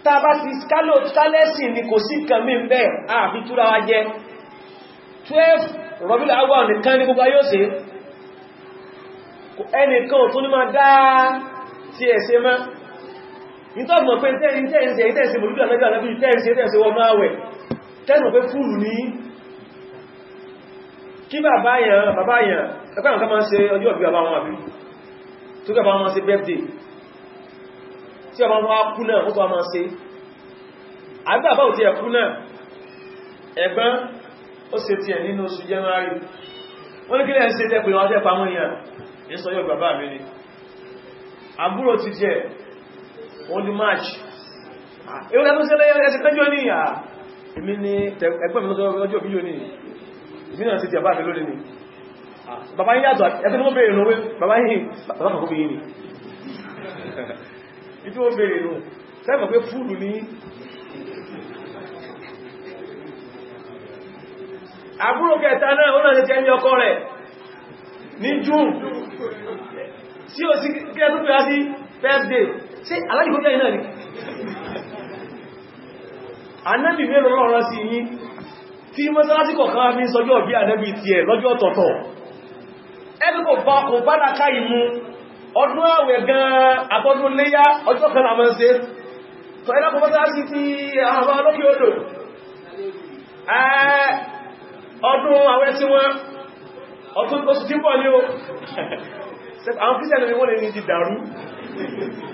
[SPEAKER 2] tàbá ti skálẹ́sì ni kò sí kàmí bẹ́ àfi túra wa jẹ́ 12 rọ̀bílà awọ́ nìkan ní gbogbo ayóse ẹnìkan ò tún ní máa dáa tí ẹ̀ṣẹ́ máa nítọ́gbọ̀n pé tẹ́ẹ̀sì tẹ́ẹ̀sì tẹ́ẹ̀sì kí bàbá yẹn bàbá yẹn ẹgbẹ́ àwọn kan máa ń ṣe ọjọ́ ìbí bàbá wọn àbí tó kẹ́ bá wọn ṣe birthday tí bàbá wọn á kú náà ó tó wá máa ṣe àbí bàbá ò ti ẹ̀ kú náà ẹ̀gbọ́n ó ṣe tiẹ̀ nínú oṣù January wọ́n ní kí lẹ́yìn ṣe tẹ́pẹ̀ wọ́n tẹ́pẹ̀ àwọn èèyàn ní sọ yóò bàbá mi ni àbúrò ti jẹ́ wọ́n ní March ah, ewúrẹ́ tó ṣẹlẹ̀ ẹsẹ̀ kẹjọ ní ìyà ah, èmi ni ẹgbẹ́ mi lọ́jọ́ bí ìdínà sí ti àbá àfẹ́ lónìí bàbá yìí yàtọ̀ ẹgbẹ́ tó bèèrè lówé bàbá yìí bàbá kọ̀kọ́ bí yìí ni tí ó bèèrè lò sẹ́mọ̀ pé fúdù ní àbúrò kẹta náà ó náà jẹ́ ní ọkọ rẹ̀ ní june sí o sí kílẹ̀ tó pẹ̀lá sí first day sí alájìkókẹ́ náà ni anábì mélòó rán sí yìí tí mọ́sálásí kọ̀kan bí sọjọ́ bí ànẹ́bì ti ẹ̀ lọ́jọ́ ọ̀tọ̀ọ̀tọ̀ ẹgbẹ́kọ̀ bá kò bá láká ọdún àwẹ̀ gan àtọ́dún léyá ọjọ́ kan àmọ́ ṣe tọ́ ti àwọn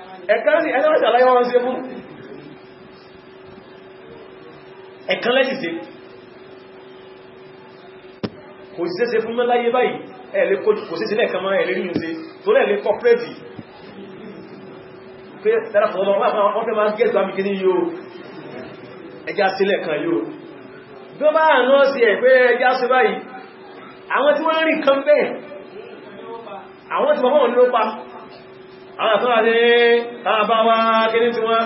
[SPEAKER 2] ẹ̀kan ní ẹ̀lẹ́wọ̀n ṣàlàyé wọ́n ṣe fún ẹ̀kan lẹ́sì ṣe kò sí ṣe fún mẹ́láyé báyìí ẹ̀lẹ́ kò sí sílẹ̀ kan mọ́ ẹ̀lẹ́ rí ṣe tó lẹ́lẹ́ kọ́pẹ́ẹ̀tì pé dára àwọn tí wọ́n rí kan bẹ́ẹ̀ àwọn tí wọ́n wọ́n ló pa àwọn àtúnwà ní tàbá wá kéré tí wọ́n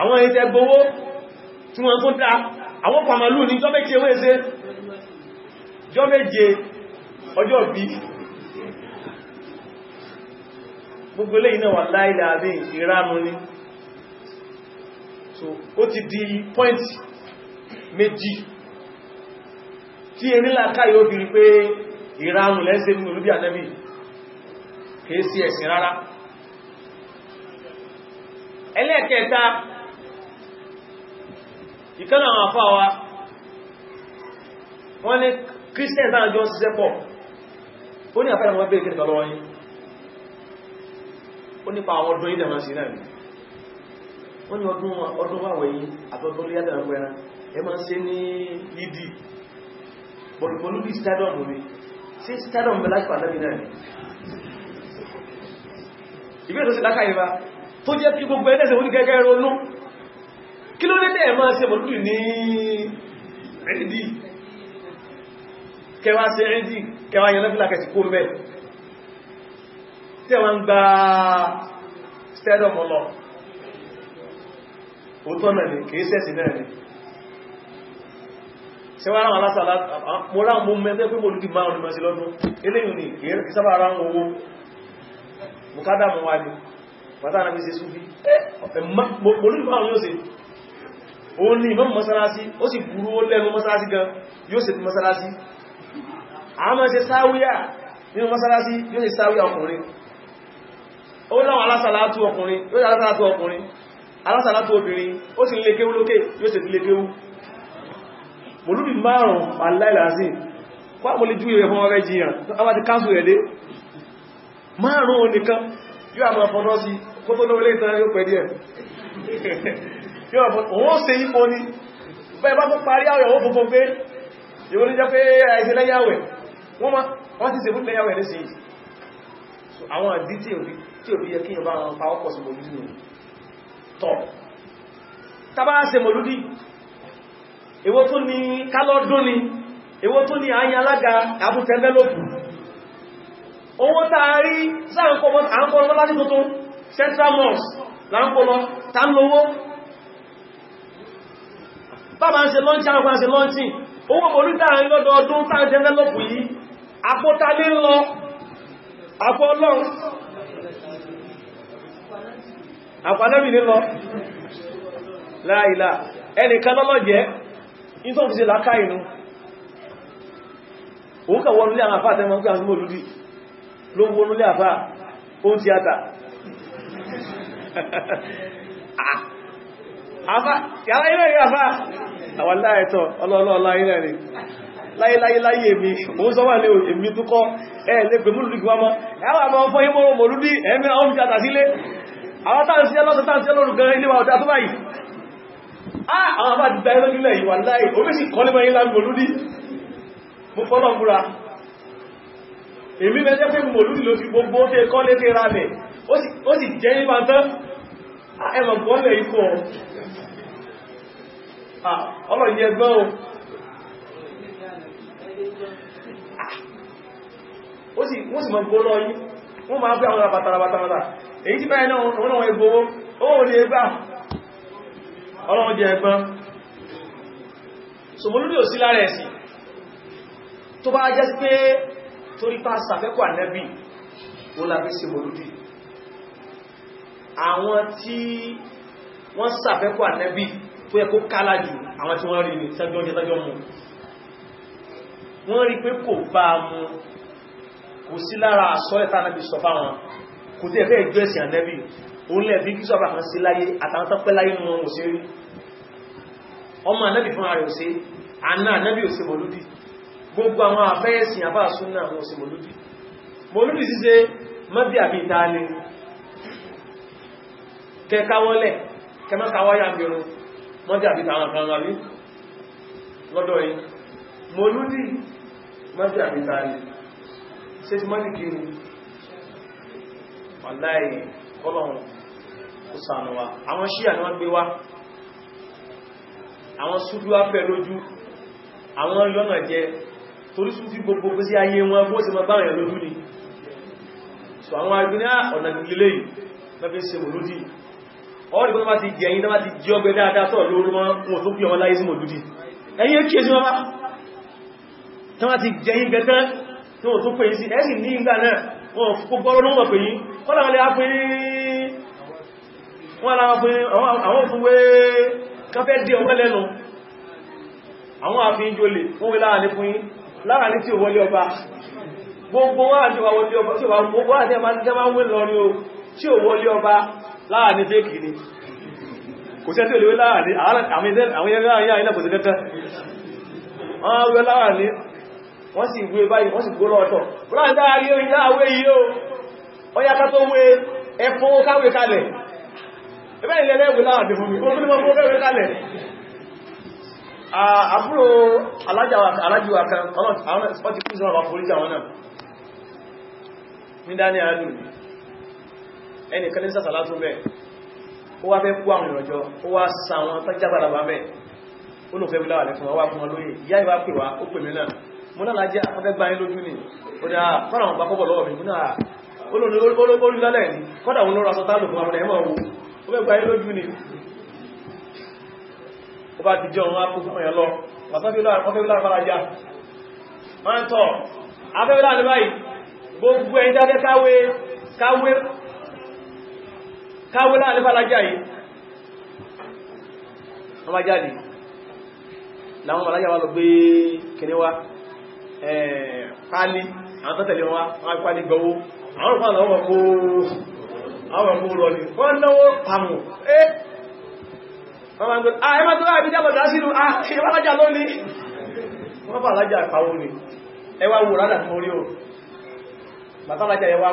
[SPEAKER 2] àwọn ìtẹ́ gbowó tí wọ́n kó dá àwọn pàmàlú ní jọ́ méje wéṣe jọ́ méje ọjọ́ bí gbogbo lè iná wà láìlà àbí ìránu ní so ó ti di point méjì tí enílà káyí ó bìí pé ìránu lẹ́sẹ̀ mú olúbí ànẹ́bì kìí sí ẹ̀sìn rárá ẹlẹ́ẹ̀kẹta ìkánà àwọn àfá wa wọ́n ní christian náà jọ ṣiṣẹ́ pọ̀ ó ní àfẹ́ àwọn ẹgbẹ̀rẹ̀ kẹta lọ́wọ́ yìí ó nípa àwọn ọdún ìdàmà sí náà wọ́n ní ọdún wáwẹ̀ yìí àtọ́dún lórí yádà ẹgbẹ̀rẹ̀ ẹ máa ń ṣe ní yídì bọ̀lùpọ̀lù bí stadium mi sí stadium bẹ̀lá ìpàdé náà ìbí ètò sí lákàá ìbá tó jẹ́ kí gbogbo ẹ̀dẹ́sẹ̀ orí gẹ́gẹ́ ronú kí ló lẹ́dẹ̀ máa ṣe mọ̀lúdù ní ẹ̀dì kẹwàá ṣe ẹ̀dì kẹwàá yẹn lọ́fílà kẹsì kó mẹ́ tẹ́ wọ́n gba stadium lọ òótọ́ náà ni kìí sẹ́sì náà ni sẹ́wọ́n àwọn alásàlá mọ́ra mọ́ mẹ́fẹ́ pé mọ̀lúdù márùn-ún mẹ́sí lọ́dún eléyìn ni kìí sábà ara ń owó mùkádà mọ́ wáyé bàtà nàbí ṣe súfí ọ̀fẹ́ olùgbà àwọn yóò ṣe ó ní ìmọ̀ mọ́sálásí ó sì burú ó lẹ́nu mọ́sálásí gan yóò ṣe ti mọ́sálásí àmọ́ ṣe sáwíyà nínú mọ́sálásí yóò ṣe sáwíyà ọkùnrin ó láwọn alásàlátú ọkùnrin yóò ṣe alásàlátú ọkùnrin alásàlátú obìnrin ó sì lékéwú lókè yóò ṣe ti lékéwú mòlúbì márùn-ún aláìlàzí pàpò lè júwẹ̀ fún ọrẹ́ jìyàn àwọn ti káńsù rẹ̀ dé márùn-ún nìkan yóò àmọ́ fọ́nọ́ sí kó tó lówó lé ìtàn yóò pẹ̀ díẹ̀ òun ṣe ipò ní bẹ́ẹ̀ bá tó parí àwẹ̀ ó fúnfún pé ìwọ́n ní jẹ́ pé àìsẹ̀ lẹ́yàwẹ̀ wọ́n ti sèbú lẹ́yàwẹ̀ ní sèyí so àwọn àdí tí ò bí yẹ kí yọ bá wọn pa ọkọ̀ sí mọ̀lúdí nù tọ́ tàbá ṣe mọ̀lúdí èwo tó ní kálọ́dún ni èwo tó ní àyín alága àbútẹ́mẹ́lòpù owó tààrí sáà ń kọ́ central mosque láńkólọ tánlówó bàbá ń ṣe lọ́nchí àwọn ṣe lọ́nchí owó mọ̀lúdà ń lọ́dọ̀ ọdún tán dẹ́lẹ́lọ́pù yìí àpótálé ń lọ àpó ọlọ́run àpàdẹ́bì ní lọ láìlá ẹnìkan lọ́lọ́jẹ́ ìtọ́ fi ṣe láká inú òun kà wọ́n lórí àwọn àfáà tẹ́mọ̀ pé àwọn olùdí ló wọ́n lórí àfáà ó ń tíátà Ah. àfá yàrá ilẹ̀ rí àfá àwọn láẹ̀tọ̀ ọlọ́ọ̀lọ́ọ̀lá ilẹ̀ rí láyéláyéláyé èmi mo ń sọ wà ní èmi tó kọ́ ẹ̀ẹ́lẹ́ pẹ̀lú lùdíkì wá mọ́ ẹ̀wà àmọ́ fọ́ ìmọ̀ràn mọ̀lúdí ẹ̀mí ọmọ ìjàtà sílé àwọn táàsí ẹlọ́sọ táàsí ẹlọ́rù gan ilé wa ọ̀dá tó báyìí àwọn bá dìdá ẹlọ́jú lẹ̀ yìí wà láì oríṣì kọ́ lẹ́mọ̀ ilá mọ̀lúdí mo fọ́lọ̀ múra èmi mẹ́jẹ́ pé mọ̀lúdí ló fi gbogbo ó tẹ́ kọ́ lé tẹ́ ra lẹ̀ ó sì jẹ́ nípa tán ẹmọ̀ gbọ́lẹ̀ ikú ọlọ́yẹ gbọ́n ó sì mọ̀ gbọ́lọ́ wọ́n máa fẹ́ àwọn èyí báyẹ̀ náà wọ́n ọlọ́run jẹ ẹgbọ́n ò sí lára ẹ̀sìn tó bá jẹ́ pé torípa sàfẹ́kọ̀ lábí sí àwọn tí wọ́n sàfẹ́kù ànẹ́bí tó yẹ kó kálá jù àwọn tí wọ́n rí ní sẹ́jọ́ jẹ́ sẹ́jọ́ mú wọ́n rí pé kò bá mú kò sí lára àsọ́lẹ̀ta ànẹ́bí sọ fáwọn kò tí ẹ̀fẹ́ ìjọ ẹ̀sìn ànẹ́bí orílẹ̀ bí kí sọ́fà kan sí láyé àtàwọn tó pẹ́ láyé nínú wọn òṣèré ọmọ ànẹ́bí fún ara òṣè kẹ káwọ́lẹ̀ kẹ má káwọ́yà mẹ́rọ mọ́jẹ́ àbí tàwọn kan rárí lọ́dọ̀ yìí mọ́lúdì mọ́jẹ́ àbí tàrí ṣe ti mọ́jẹ́ kí ni wàláì ọlọ́run kò sànà wa àwọn ṣíà ni wọ́n gbé wá àwọn súdú afẹ́ lójú àwọn yọ́nà jẹ torí súdú gbogbo pé sí ayé wọn bó ṣe mọ́ báwọn ẹ̀ lójú ni so àwọn agbínáà ah, ọ̀nà ìlélẹ́yìn lọ́fẹ́ ṣe mọ́lúdì ọ̀rẹ́ bọ́n bá ti jẹ yìí náà ti jẹ́ ọgbẹ́ dáadáa tọ́ lórí wọn tó bí ọmọ láyé sí mọ̀lúdí ẹ̀yìn èkí èsì wọn bá tán wá ti jẹ yìí gẹ̀tán tí wọ́n tó pè sí ẹ̀sì ní ìgbà náà wọ́n kó gbọ́rọ̀ náà pè yìí wọ́n láwọn lè á pè wọ́n láwọn pè àwọn òfúwé káfẹ́ dé ọgbẹ́ lẹ́nu àwọn àfihàn jolè wọ́n wé láàrín fún láàrin fèkì ni kò sẹ́ tí olówó láàrin àwọn ẹgbẹ́ láàrin àìlẹ́ kò sí kẹ́kẹ́ wọ́n wé láàrin wọ́n sì wé báyìí wọ́n sì gbó lọ́ọ̀tọ̀ láàrin dáàrí orí láàwé yìí ó ọya ká tó wé ẹfọ́ káwé kalẹ̀ ẹgbẹ́ ìlẹ́lẹ́wé láàrin fún mi ó fún mi káwé kalẹ̀ àbúrò alájìwà kan ọlọ́run ti kú ìsọ́nà àforíjà wọn náà ní dání àádùn ẹnìkan ní sàtàlátún bẹ́ ó wá fẹ́ kú àwọn ìrọ̀jọ́ ó wá sa wọn tó jábàdà bá bẹ́ ó lò fẹ́ bí láwà lẹ́fún wá fún wọn lóye ìyá ìbá pè wá ó pè mí náà mo náà lájẹ́ afẹ́fẹ́ gbá yín lójú ni ó dá fọ́nà àwọn bàkọ́bọ̀ lọ́wọ́ mi náà olólùlálẹ̀ ni kọ́dà òun lọ́ra sọ tálò fún àwọn ẹ̀mọ́ òun ó fẹ́ gbá yín lójú ni ó bá dìjọ wọn á kó fún ọ̀yàn lọ wàtàfẹ́ lára káwó láàrin na yìí wọ́n má na láwọn fàlájá wà lọ gbé kìnní wá pálí àwọn tọ́tẹ̀lẹ̀ wá wọ́n pálí ọmọ rọ̀ ní wọ́n náwó pàmù ẹ́ wọ́n má ń gbé a ẹ má tó ah ìfàlájá lónìí wọ́n fàlájá ìpàwó ni o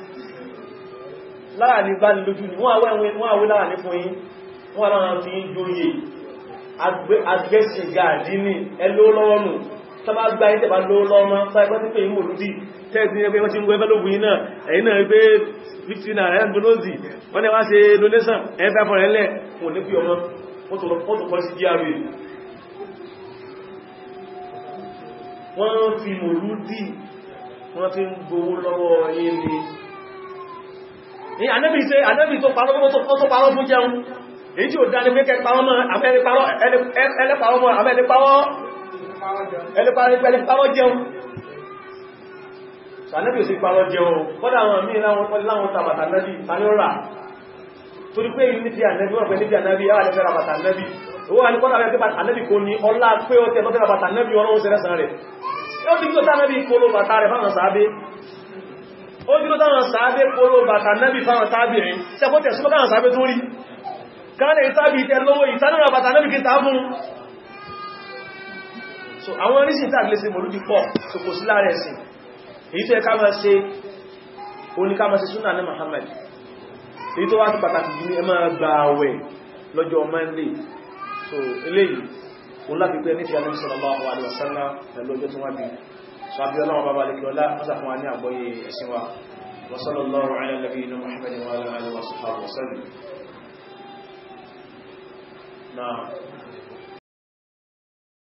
[SPEAKER 2] lára ní bá ní lójú ní wọ́n àwẹ́ lára ní fún yín wọ́n lára fi ń jóye agbẹ́sìn gàdí ní ẹlò lọ́rùn tàbá gba ìtẹ̀ bá ló lọ́mọ sáyẹ́gbẹ́ tí pé ìmò lúdí tẹ́ẹ̀tì ní ẹgbẹ́ wọ́n ti ń gbẹ́fẹ́ lóògùn iná ẹ̀yìn náà gbé victina rẹ̀ gbónóòzì wọ́n ni wá ṣe donation ẹ̀fẹ́ fọ́rẹ̀ lẹ̀ kò ní pí ọmọ wọ́n tó pọ́ sí dra wọ́n fi mò lúdí wọ́n ti ń gbowó lọ́wọ́ yé ni ní anẹ́bì tó parọ́ fún jẹun èyí tí ó dá ní pẹ́kẹ́ parọ́ mọ́ abẹ́lẹ́parọ́ jẹun sànẹ́bì ò sí parọ́ jẹun kọ́dá àwọn míì láwọn tàbàtà nẹ́bì sàníọ́rà torí pé ní ti ànẹ́bì wọ́n pẹ̀ ní ti ànẹ́bì àwọn àlẹ́fẹ́ rabàtà nẹ́bì owó àníkọ́dá àwọn ànẹ́bì kò ní ọlá pé ó tẹ́ ó dúró táwọn sàábé kóró bàtà náàbì fáwọn tábì rìn sẹ́kọ́tẹ̀ súnmọ́ káwọn sàábé tó rí káàlẹ̀ ìtàbí ìtẹ́ lọ́wọ́ ìtànára bàtà náàbì kí ta fún so àwọn rísì tàbílé sí mọ̀lúdí pọ̀ so kò sí láàrẹ̀ sí èyí tó ẹka máa ṣe oníká máa ṣe súnà ní Muhammad èyí tó wá ti pàtàkì jù ní ẹ máa gba àwẹ̀ lọ́jọ́ Monday so eléyìí òun láti pẹ́ nífẹ̀ẹ́ alẹ́sọ̀rọ̀ sọ́bí ọlọ́wọ́ bàbá lè kí ọlá mọ́sàfún wa ní àgbọ́yé ẹ̀sìn wa wasallallahu ala nabiyina muhammadin wa ala